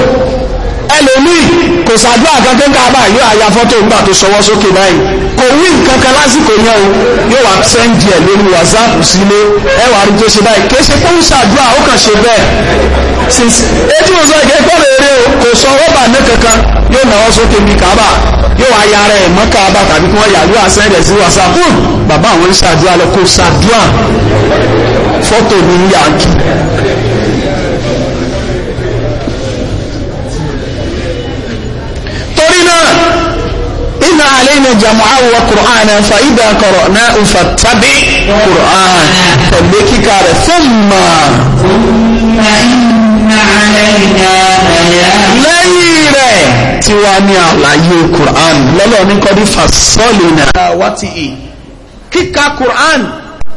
Speaker 1: ẹlòmíì kò sàdúrà kankan káàbà yóò àyà fọ́tò ńgbà tó sọwọ́ sókè báyìí kò wí nǹkan kan lásìkò yẹn o yóò wá sẹ́ńdì ẹ̀ lórí whatsapp sílé ẹwà rí tó ṣe báyìí kì í ṣe kó ń sàdúrà ó kàn ṣe bẹ́ẹ̀ since etí mo sọ ìkẹ́ kọ́ rèé o kò sọ rọ́bà ní kankan yóò náwó sókè bí káàbà yóò wá ya ara ẹ̀ mọ́ káàbà tàbí kí wọ́n yà yóò sẹ́ńdì ẹ̀ sí whatsapp bàbá àwọn ń lọ kò sàdúrà fọ́tò ní yàgì علينا جمعه وقرآنا فإذا قرأناه فاتبع قرآن فبكك ثم ثم إن علينا lẹ́yìn rẹ̀ tí wàá ní àlàyé Quran lọ́lọ́ ní kọ́dí fasọ́lìnà wátì ì kíka Quran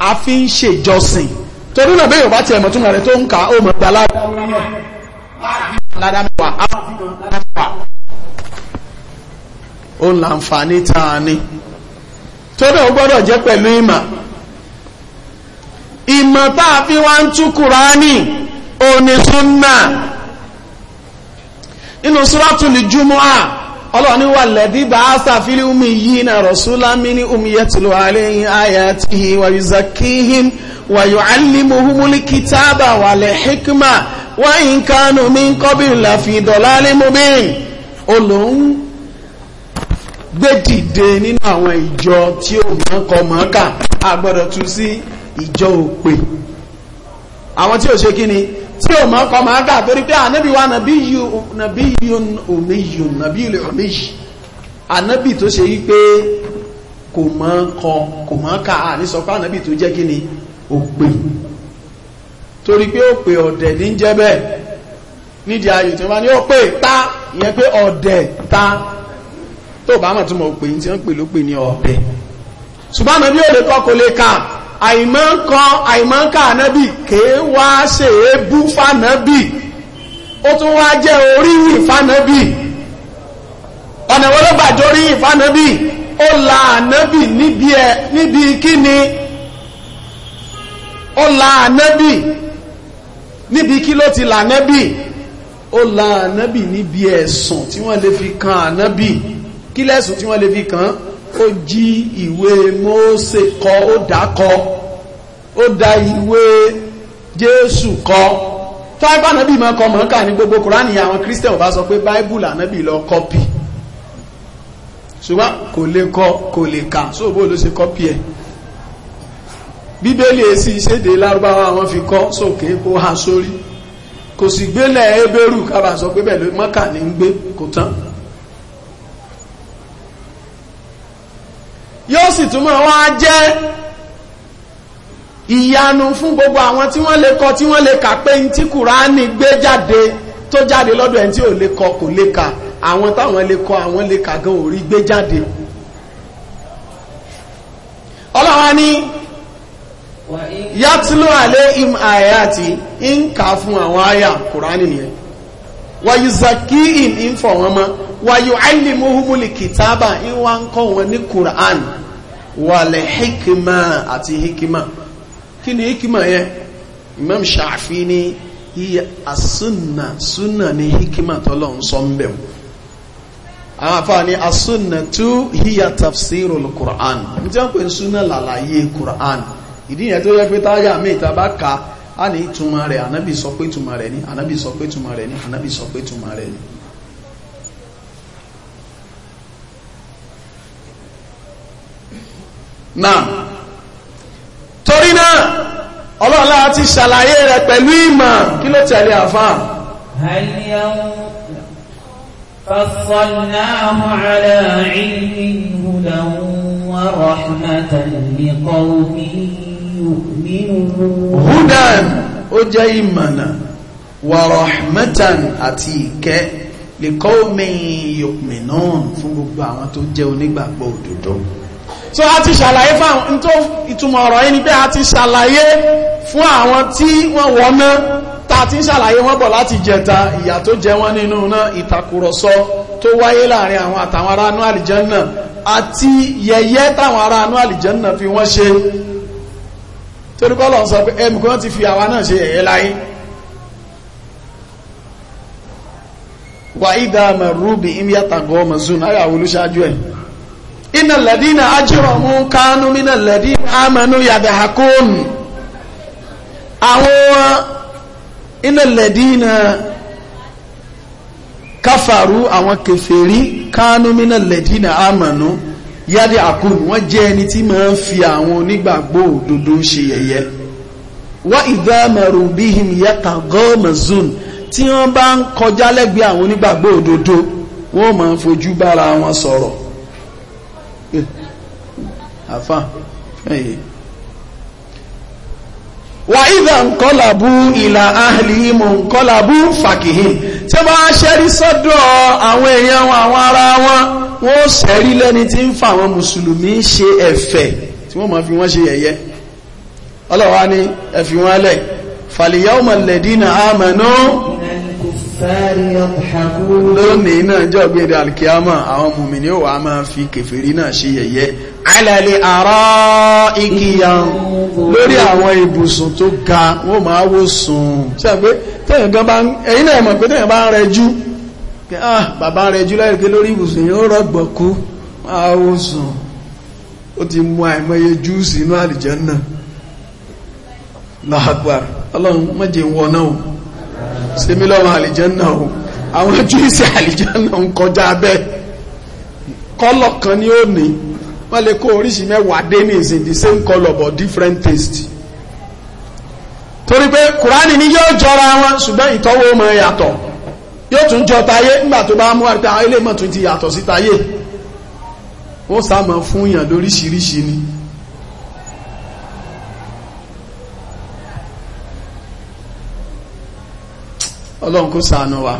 Speaker 1: a fi ń ṣèjọsìn torí náà bẹ́ẹ̀ yorùbá tiẹ̀ mọ̀túnmọ̀ rẹ̀ tó ń kà ó mọ̀ gbà ládàá ládàá mẹ́wàá ó ń láǹfààní táa ní tódà ó gbọ́dọ̀ jẹ́ pẹ̀lú ìmọ̀ ìmọ̀ táà fi wá ń tú kùránì òní súnà inú súrátùlì júmọ́à ọlọ́ni wà lẹ́dí bá a sàfílì umi yìí na rọ̀súlá mini umi yẹ tìlú àlẹ́yìn ayatihi wà yìí zakihin wà yìí alimuhumuli kitaba wà lẹ́ hikma wà yìí kánú mi kọ́bí láfi dọ̀lá alimumin olóhùn gbé dìde nínú àwọn ìjọ tí ó mọ́kọ mọ́kà a gbọ́dọ̀ tú sí ìjọ òpè àwọn tí ó ṣe kí ni tí ó mọ́kọ mọ́kà torí pé ànábì wa nàbí yun omi yun nàbí ilẹ̀ omi ànábì tó ṣe yí pé kò mọ́kọ kò mọ́kà à pé ànábì tó jẹ́ kí ni òpè torí pé òpè ọ̀dẹ̀ ní jẹ́ bẹ́ẹ̀ nídìí ayò tí wọ́n bá ní òpè ta ìyẹn pé ọ̀dẹ̀ ta tó bá mọ̀ tó mọ̀ pé ní tí wọ́n pè ló pè ní ọ̀bẹ ṣùgbọ́n ànábì ò lè kọ́ kò lè kà àìmọ́ǹkọ́ àìmọ́ǹkà ànábì kèé wá ṣe é bú fànábì ó tún wá jẹ́ oríyìn fànábì ọ̀nà wọ́n ló gbàjọ oríyìn fànábì ó la ànábì níbi kíni ó la ànábì níbi kí ló ti là ànábì ó la ànábì níbi ẹ̀sùn tí wọ́n lè fi kan ànábì kí lẹ́sùn tí wọ́n lè fi kàn án ó jí ìwé Mósè kọ ó dá kọ ó dá ìwé Jésù kọ táìpá náà bí mọ́ kọ mọ́ ká ní gbogbo Kùránì àwọn Christian ò bá sọ pé Bible ànábì lọ kọ́pì ṣùgbọ́n kò lè kọ kò lè kà sóòbó ló ṣe kọ́pì ẹ̀ bíbélì èsì ìṣèdè lárúbáwá àwọn fi kọ́ sókè kó há sórí kò sì gbélẹ̀ ebérù kábà sọ pé bẹ́ẹ̀ ló mọ́kà ní gbé kò tán yóò sì túnmọ̀ wá jẹ́ ìyanu fún gbogbo àwọn tí wọ́n lè kọ tí wọ́n lè kà pé ní tí kùránì gbé jáde tó jáde lọ́dọ̀ ẹni tí ò lè kọ kò lè kà àwọn táwọn lè kọ àwọn lè kà gan orí gbé jáde ọlọ́wọ́ ni yàtúlò àlẹ́ im àyàtì ń kà fún àwọn àyà kùránì nìyẹn wàyí zaki in ń fọ̀ wọn mọ́ wàyí àìlèmọ́ húmúlì kìtàbà ń wá ń kọ́ wọn ní kùránì wàlẹ̀ hikima àti hikima kí ni hikima yẹ imam ṣàfi ní iye asúnà súnà ní hikima tọ́lọ̀ ń sọ mbẹ̀ àwọn afá ní asúnà tó hiya tafsirul Qur'an ní tí wọ́n pè súnà lálàyé Qur'an ìdí yẹn tó yẹ pé táyà mí ìta bá ka a ní ìtumọ̀ rẹ̀ ànábì sọ pé ìtumọ̀ rẹ̀ ní ànábì sọ pé ìtumọ̀ rẹ̀ ní ànábì sọ pé ìtumọ̀ rẹ̀ ní náà torí náà ọlọ́ọ̀lá ti ṣàlàyé rẹ̀ pẹ̀lú ìmọ̀ kí ló tẹ̀lé àfáà
Speaker 2: فصلناه على علم ورحمة
Speaker 1: لقوم يؤمنون هدى ó jẹ́ ìmọ̀nà wàrọ̀hmẹ́tàn àti ìkẹ́ lè kọ́ omi yòkùnmínà fún gbogbo àwọn tó jẹ́ onígbàgbọ́ òdodo
Speaker 2: so a ti ṣàlàyé fáwọn
Speaker 1: tó ìtumọ̀ ọ̀rọ̀ yìí ni pé a ti ṣàlàyé fún àwọn tí wọ́n wọ́ná ta ti ń ṣàlàyé wọ́n bọ̀ láti jẹta ìyà tó jẹ wọ́n nínú náà ìtàkùrọ̀sọ tó wáyé láàrin àwọn àtàwọn ará anú àlìjẹ́nà àti yẹ̀yẹ́ táwọn ará anú àlìjẹ́nà fi wọ́n ṣe torí kọ́ lọ sọ pé ẹnì kan ti fi àwa náà ṣe yẹ̀yẹ́ láyé wà ìdá mẹ̀rú bí ìmìyàtàgọ́ mẹ̀zún ayàwó ẹ̀ إن الذين أجرموا كانوا من الذين آمنوا يضحكون أهو إن الذين káfàrú àwọn kèfèrí kánú mínà lẹ̀dínà àmànú yádé àkóònù wọ́n jẹ́ ẹni tí fi àwọn onígbàgbọ́ òdodo ṣe yẹ̀yẹ́ àfà ẹ̀yẹ wà ìdá ǹkọ́làbú ìlà ahìlìmù ǹkọ́làbú fàkìhì tí wọ́n á ṣẹ́rí sọ́dọ̀ àwọn èèyàn wọn àwọn ará wọn wọ́n ṣẹ́rí lẹ́ni tí ń fa àwọn mùsùlùmí ṣe ẹ̀fẹ̀ tí wọ́n máa fi wọ́n ṣe yẹ̀yẹ́ ọlọ́wà ni ẹ̀fì wọn fàlìyàwó mọ̀lẹ́dínà àmánù lónìí náà jọ gbé dà alkiyama àwọn mùmìnì ó wà máa fi kèfèrí náà ṣe yẹ̀yẹ́ alẹ́lẹ́ àrọ́ ikiya lórí àwọn ibùsùn tó ga wọ́n máa wó sùn ṣàgbé tẹ́yìn gan bá ń ẹ̀yìn náà mọ̀ pé tẹ́yìn bá ń rẹjú ah bàbá rẹjú láìpẹ́ lórí ibùsùn yóò rọ̀gbọ̀kú máa wó sùn ó ti mú àìmọye júùsì inú àlìjẹ́ náà láàgbà ọlọ́run mọ́jẹ̀ wọ náà ṣe mí lọ́wọ́ àlìjẹ́nà o àwọn júìsì àlìjẹ́nà ń kọjá bẹ́ẹ̀ kọ́lọ̀ kan ni ó ní wọ́n lè kó oríṣi mẹ́wàá dé ní ìsìn same colour but different taste torí pé kùránì ní yóò jọra wọn ṣùgbọ́n ìtọ́wò mọ̀ yàtọ̀ yóò tún jọ tayé nígbà tó bá mú àríta ilé mọ̀ tún ti yàtọ̀ sí tayé wọ́n sá mọ̀ fún yàn lóríṣiríṣi ni ọlọ́run kó ṣàánú wa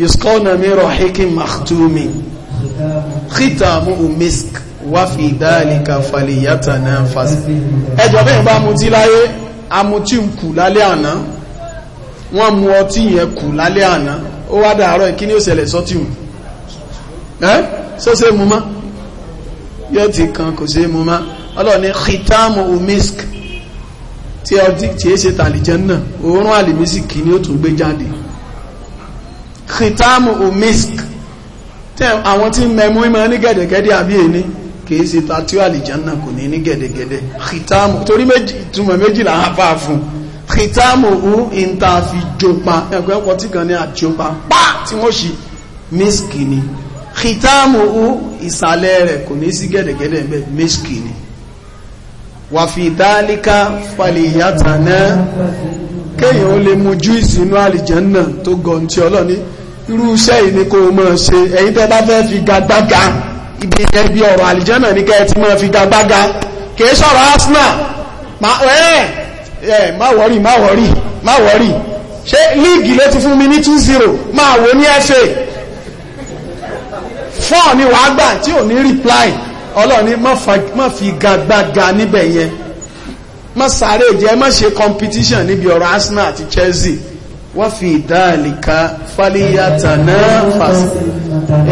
Speaker 1: yusqawna min rahiqin makhtumin khitamuhu misk wa fi dhalika falyatanafas ẹjọ́ bẹ́ẹ̀ bá mutí láyé amutí ń kù lálẹ́ àná wọ́n mu ọtí yẹn kù lálẹ́ àná ó wá dàárọ̀ kí ni sọ́tí hù ẹ́ sọ́sẹ́ mu má yóò ti kan kò sí mu má ọlọ́run ní khitamuhu misk tí ọdí tí é ṣe tàlìjẹ́ náà oòrùn alìmísìkì ni ó tún gbé jáde khitamu umisk tẹ́ àwọn tí mẹ́mú ìmọ̀ ní gẹ̀dẹ̀gẹ̀dẹ̀ àbí èní kìí ṣe tàtí àlìjẹ́ náà kò ní ní gẹ̀dẹ̀gẹ̀dẹ̀ khitamu torí méjì túnmọ̀ méjìlá àfà fún khitamu u intafi jopa ẹgbẹ́ ọkọ̀ tí kan ní àjopa pa tí wọ́n ṣì misk ni khitamu u ìsàlẹ̀ rẹ̀ kò ní sí gẹ̀dẹ̀gẹ̀dẹ̀ bẹ́ẹ̀ misk ni wà fi dálíká falìyàtà náà kéèyàn ó lè mu júìsì àlìjẹ́nà tó gọ̀n tí ọlọ́ni irú iṣẹ́ yìí ni kó mọ́ ṣe ẹ̀yin tẹ́ bá fẹ́ fi gagbága ibi ẹbí ọ̀rọ̀ àlìjẹ́nà ní kẹ́ẹ̀ tí mọ́ fi gagbága kìí sọ̀rọ̀ arsenal ma ẹ̀ ẹ̀ má wọ́rì má wọ́rì má wọ́rì ṣé líìgì ló ti fún mi ní 2-0 máa wò ní FA 4 ni wàá gbà tí ò ní reply ọlọ́run ní má fi gagbága níbẹ̀ yẹn Ma sáré jẹ́ má ṣe competition níbi ọ̀rọ̀ Arsenal àti Chelsea wọ́n fi ìdáàlìká fàlíyàtà náà fàṣí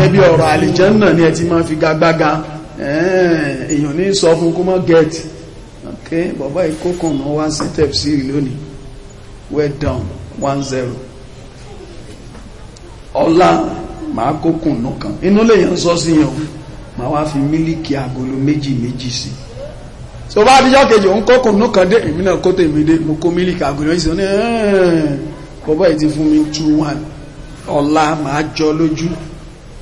Speaker 2: ẹbí ọ̀rọ̀ àlìjẹ́nà
Speaker 1: ni ẹ ti máa fi gagbága èèyàn ní sọ fún kó mọ́ gẹ̀ẹ́tì ok bàbá ìkókànnà wá sí tẹ̀psìrì lónìí well done one zero ọlá màá kókùn nù kan inú lèèyàn sọ sí yẹn ma wá fi mílíkì agolo méjì méjì sí so bá adijọ́ kejì òun kọ́kọ̀ ní kan dé èmi náà kó tèmi dé mo kó mílíkì agolo méjì sí ọ ní bọ́bọ́ yìí ti fún mi two one ọ̀la màá jọ lójú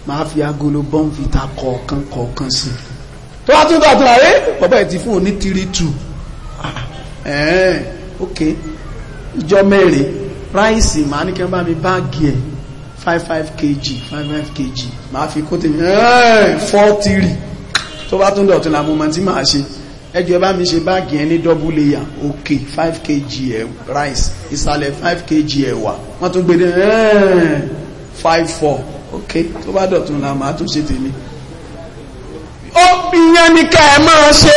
Speaker 1: màá fi agolo bọ́ǹfìtà kọ̀ọ̀kan kọ̀ọ̀kan sí tó bá tún bá tún àrẹ bọ́bọ́ yìí ti fún òní three two ah, ok ìjọ mẹ́rin ráìsì màá ní kí wọ́n bá mi báàgì ẹ̀ five five kg five five kg máa fi kó tèmi four three tó bá tún dọ̀tún làmú mọ̀ tí màá ṣe ẹjọ́ bá mi ṣe báàgì ẹni double layer òkè five kg ẹ̀ rice ìsàlẹ̀ five kg ẹ̀wà wọ́n tún gbé dé five four ok tó bá dọ̀tún làmú àtún ṣe tèmi. ó ìyẹn ni ká ẹ máa ṣe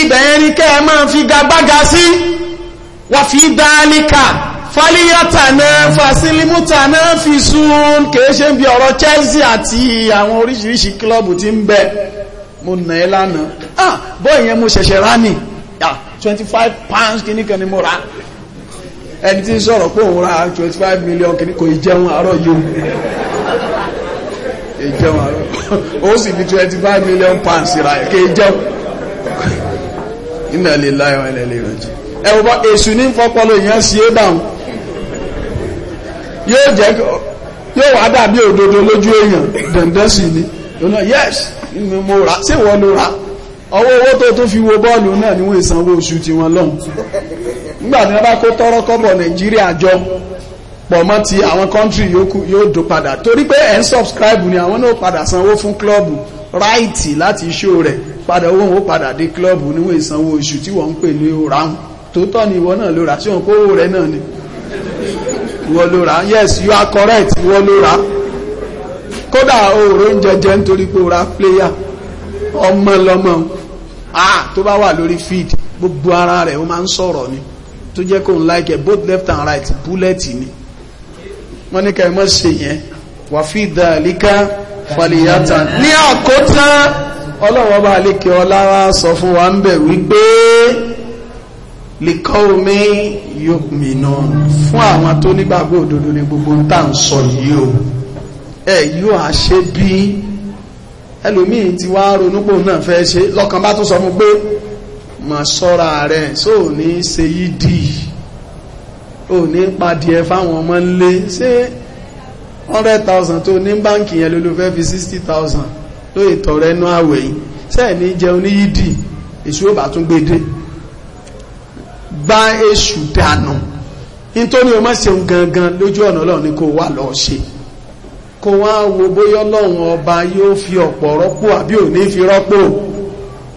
Speaker 1: ibẹ̀ yẹn ni ká ẹ máa fi gagbága sí wà fi dáálíkà fálíyàtàná fàsílímútàná fi sún kìí ṣe ń bí ọ̀rọ̀ Chelsea àti àwọn oríṣiríṣi kílọ́bù tí ń bẹ mo nà ẹ́ lánàá ah bọ́ ìyẹn mo ṣẹ̀ṣẹ̀ rá ní ah 25 pounds kìíní kan ni mo rà ẹni tí ń sọ̀rọ̀ pé òun ra 25 million kìíní kò ìjẹun àárọ̀ yóò ìjẹun àárọ̀ ó sì fi 25 million pounds ra ẹ̀ kì í jẹun Inna lillahi wa inna ilayhi raji'un ẹ̀wọ̀n èṣù ní fọpọlọ ìyẹn sí é báwọn yóò jẹ́ yóò wá dàbí òdodo lójú èèyàn dandan sí ni lọ́nà yes mo rà sí wọ́n ló rà ọwọ́ owó tó tún fi wo bọ́ọ̀lù náà ni wọ́n ìsanwó oṣù tí wọ́n lọ́hùn nígbà tí wọ́n bá kó tọ́rọ́ kọ́bọ̀ nàìjíríà jọ pọ̀ mọ́ ti àwọn kọ́ńtì yóò dò padà torí pé ẹ̀ ń subscribe ni àwọn náà padà sanwó fún klọ́ọ̀bù ráìtì láti iṣó rẹ̀ padà owó wọn padà dé klọ́ọ̀bù níwọ̀n ìsanwó oṣù tí wọ́n ń pè ní òràhùn tó tọ́ ni ìwọ náà ló rà sí òun kówó rẹ̀ náà ni ìwọ ló rà yes you are correct ìwọ ló rà kódà òòrò ń jẹjẹ nítorí pé ó ra player ọmọ lọmọ ah tó bá wà lórí field gbogbo ara rẹ ó máa ń sọ̀rọ̀ ni tó jẹ́ kó ń like both left and right bullet ni wọ́n ní kẹ́rin mọ́ ṣe yẹn wà fi dàlíkà fàlìyàtà ní àkótán ọlọ́wọ́ bá lè kí ọlá sọ fún wa ń bẹ̀ wípé lìkọ́ọ̀mí yòmìnà fún àwọn tó nígbàgbọ́ òdodo ní gbogbo tá ń sọ yìí o ẹ yóò á ṣe bí ẹlòmíì tí wá ronúpò náà fẹ́ ṣe lọ́kàn bá tún sọ mú pé mà sọ́ra rẹ̀ só ní ṣe yí dì ò ní padìẹ fáwọn ọmọ nlé ṣé 100,000 tó ní báǹkì yẹn ló ló fẹ́ fi 60,000 lóye tọrẹ inú àwẹ̀ yìí ṣẹ́ẹ̀ ní jẹun ní yí dì èṣù ò bá tún gbé dé gbá èṣù dànù nítorí o má ṣeun gangan lójú ọ̀nà ọlọ́run ni kó wà lọ ṣe kó wá wo bóyá ọlọ́run ọba yóò fi ọ̀pọ̀ rọ́pò àbí ò ní fi rọ́pò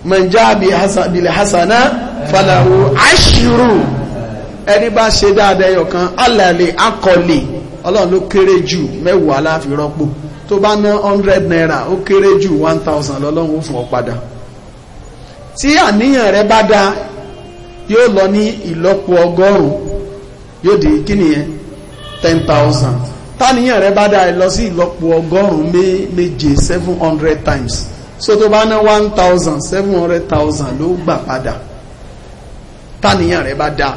Speaker 1: mọ̀njáàbí hasabili hasana fàlàwò aṣírù ẹni bá ṣe dáadáa ẹyọkan alàlẹ̀ akọlè ọlọ́run ló kéré jù mẹ́wàá la rọ́pò tó bá ná 100 naira ó kéré jù 1000 lọ́lọ́run ó fún ọ padà tí àníyàn rẹ bá dáa yóò lọ ní ìlọ́po ọgọ́rùn yóò di kí ten thousand táníyàn rẹ bá dá ẹ lọ sí ìlọ́po ọgọ́rùn méje seven hundred times so tó bá ná one thousand seven hundred thousand ló gbà padà táníyàn rẹ bá dá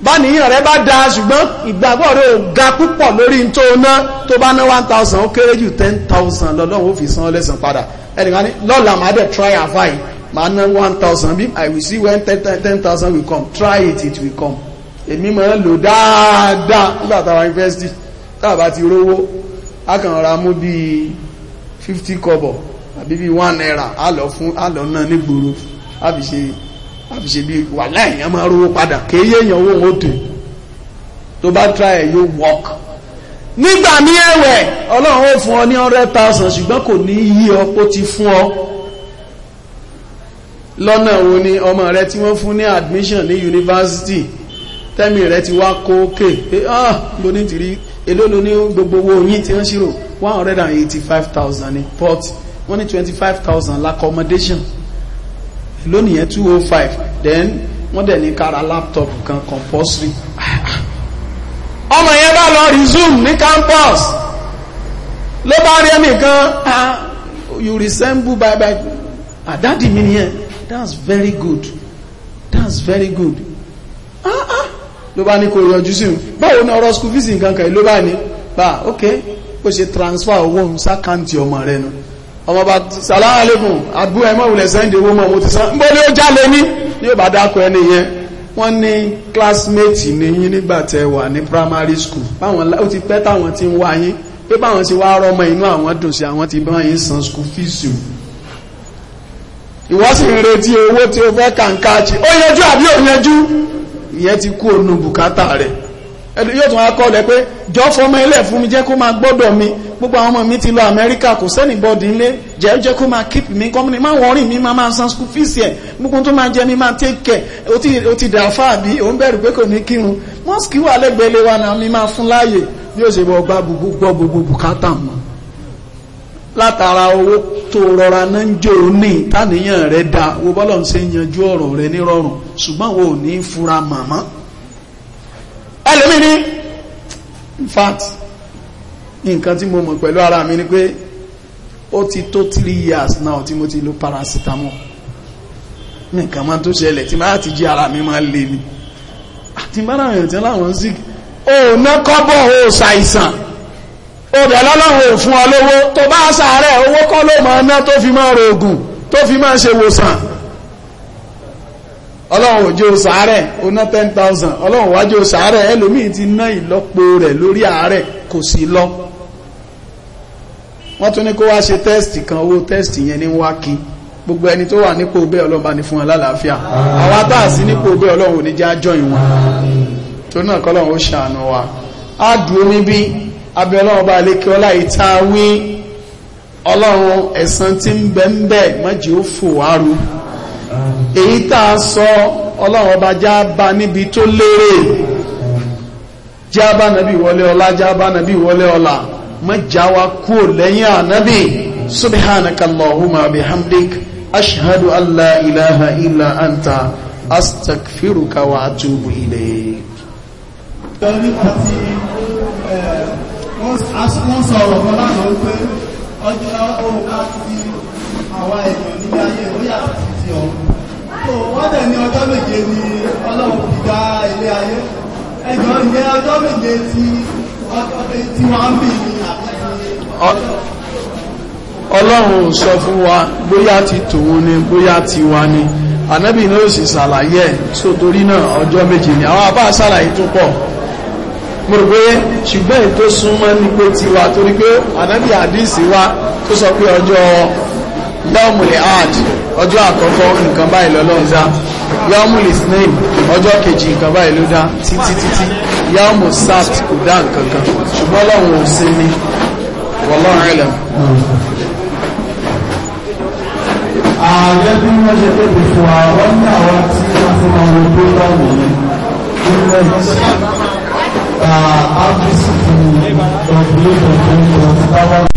Speaker 1: báníyàn rẹ bá dá ṣùgbọ́n ìgbàgbọ́ rẹ ò ga púpọ̀ lórí tó ná tó bá ná one thousand ó kéré jù ten thousand lọ́lọ́run ó fi san lẹ́san padà ẹnìkan ní lọ́la màá dẹ̀ try àfáì màá ná one thousand bí i will see when ten ten thousand will come try it it will come èmi máa ń lò dáadáa nígbà táwa yunifásitì táàbà ti rówó a kàn ra mú bíi fifty kobo. àbí bíi one naira a lọ fún a lọ náà nígboro a fi ṣe a fi ṣe bíi wàhálà èèyàn máa rówó padà kéye èèyàn owó wọn tè tó bá try ẹ̀ yóò work nígbà míì ẹ̀wẹ̀ ọlọ́run ó fún ọ ní hundred thousand ṣùgbọ́n kò ní yí ọ kó ti fún ọ lọ́nà wo ni ọmọ rẹ tí wọ́n fún ní admission ní yunifásitì tẹ́mì rẹ ti wá kókè pé ah mo ní ti rí elólo ní gbogbo owó yín tí wọ́n ṣírò 185,000 ní port wọ́n ní 25,000 l'accommodation lónìí yẹn 205 then wọ́n dẹ̀ ní kára laptop kan compulsory [LAUGHS] ọmọ yẹn bá lọ resume ní campus ló bá rí Ah, you resemble by. bye àdádì ah, mi nìyẹn that's very good that's very good ah ah ló bá ní kò yọjú sí un báwo ni ọ̀rọ̀ school fees nǹkan kan ló bá ní bá ok ó ṣe transfer owó ń sákàǹtì ọmọ rẹ nu ọmọ bá salaam alaikum abú ẹmọ ìwòlẹ̀ sẹ́ndì owó mọ̀ mo ti san bó ni ó jálẹ̀ ní yóò bá ẹni yẹn wọ́n ní classmate ní yín nígbà tẹ́ wà ní primary school báwọn ó ti pẹ́ táwọn ti ń wá yín pé báwọn ti wá rọmọ inú àwọn dùn sí àwọn ti bá yín san school fees ìwọ́n sì ń retí owó tí ó fẹ́ kàǹkàjì ó yanjú àbí ò yanjú ìyẹn ti kú ònú bùkátà rẹ̀ yóò tún akọ́ lẹ pé jọ fọmọ ilẹ̀ fún mi jẹ́ kó máa gbọ́dọ̀ mi gbogbo àwọn ọmọ mi ti lọ Amẹ́ríkà kò sẹ́ni bọ́dì ńlé jẹ́ jẹ́ kó máa keep mi company máa wọ́rìn mi máa san school fees ẹ̀ gbogbo tó máa jẹ mi máa take care ó ti dà fáà bí òun bẹ̀rù pé kò ní kírun mọ́sìkì wà lẹ́gbẹ̀ẹ́ lé wa náà mi máa fún láàyè bí ó ṣe bọ́ gbá gbogbo bùkátà mọ́ látara owó tó rọra náà ń jò ní tàníyàn rẹ̀ da owó bọ́lọ̀ ń ṣe yanjú ọ̀rọ̀ rẹ̀ nírọ̀rùn ṣùgbọ́n wo ní í fura màmá ẹlòmí ní in fact nǹkan tí mo mọ̀ pẹ̀lú ara mi ni pé ó ti tó three years now tí mo ti lo paracetamol nǹkan máa tó ṣẹlẹ̀ tí máa ti jí ara mi máa lè ní àti bára èèyàn tí láwọn sí ò ná kọ́bọ̀ ò ṣàìsàn obẹ̀ lọ́lọ́run ò fún ọ tó bá sàárẹ̀ owó kọ́ ló máa ná tó fi máa rògùn tó fi máa ṣe wòsàn ọlọ́run òjò sàárẹ̀ ó ná 10,000 ọlọ́run wájò sàárẹ̀ ẹlòmíì ti ná ìlọ́po rẹ̀ lórí àárẹ̀ kò sí lọ wọ́n tún ní kó wá ṣe tẹ́ẹ̀sì kan owó tẹ́ẹ̀sì yẹn ní wákìí gbogbo ẹni tó wà nípò bẹ́ ọlọ́run bá fún alálàáfíà àwọn àtàsí nípò bẹ́ ọlọ́run ò ní já jọ ìwọ̀n tó náà kọ́lọ́run ó ṣàánú wa á dúró níbí abẹ́ ọlọ́run bá lékè ọlá ìta wí ọlọ́run ẹ̀san tí ń bẹ ń bẹ mọ́jì ó fò wárú èyí tá a sọ ọlọ́run bá já bá níbi tó lérè já bá nàbí wọlé ọlá já bá nàbí wọlé ọlá mọ́jà wa kú lẹ́yìn ànábì subhanakallahumma bihamdik ashhadu an la ilaha illa anta astaghfiruka wa atubu ilayk wọ́n sọ ọ̀rọ̀ kan lánàá pé ọjọ́ òǹkà ti àwa èèyàn nílé ayé ó yàtọ̀ ti ọ̀run tó wọ́n dẹ̀ ní ọjọ́ méje ni ọlọ́run fi ilé ayé ẹjọ́ ní ọjọ́ méje ti tí wọ́n ń bì ní àbí ọlọ́run sọ fún wa bóyá ti tòun ni bóyá ti wa ni ànábì ní ó sì ṣàlàyé ẹ̀ sótorí náà ọjọ́ méje ni àwọn abá ṣàlàyé tó pọ̀ mo rò pé ṣùgbọ́n ètò súnmọ́ ní pé ti wa torí pé ànábì àdìsí wa tó sọ pé ọjọ́ yọ́mùlẹ̀ ààdì ọjọ́ àkọ́kọ́ nǹkan báyìí lọ́lọ́run dá yọ́mùlẹ̀ snail ọjọ́ kejì nǹkan báyìí ló dá títí títí yọ́mù sáft kò dá nǹkan kan ṣùgbọ́n lọ́run ò sí ní wọ́lọ́run ẹlẹ́m
Speaker 2: ààrẹ bí wọ́n ṣe tẹ́bí fún àwọn ní àwọn tí wọ́n fún ọmọ tó bá wọ̀nyí a abre-se do rio do livro,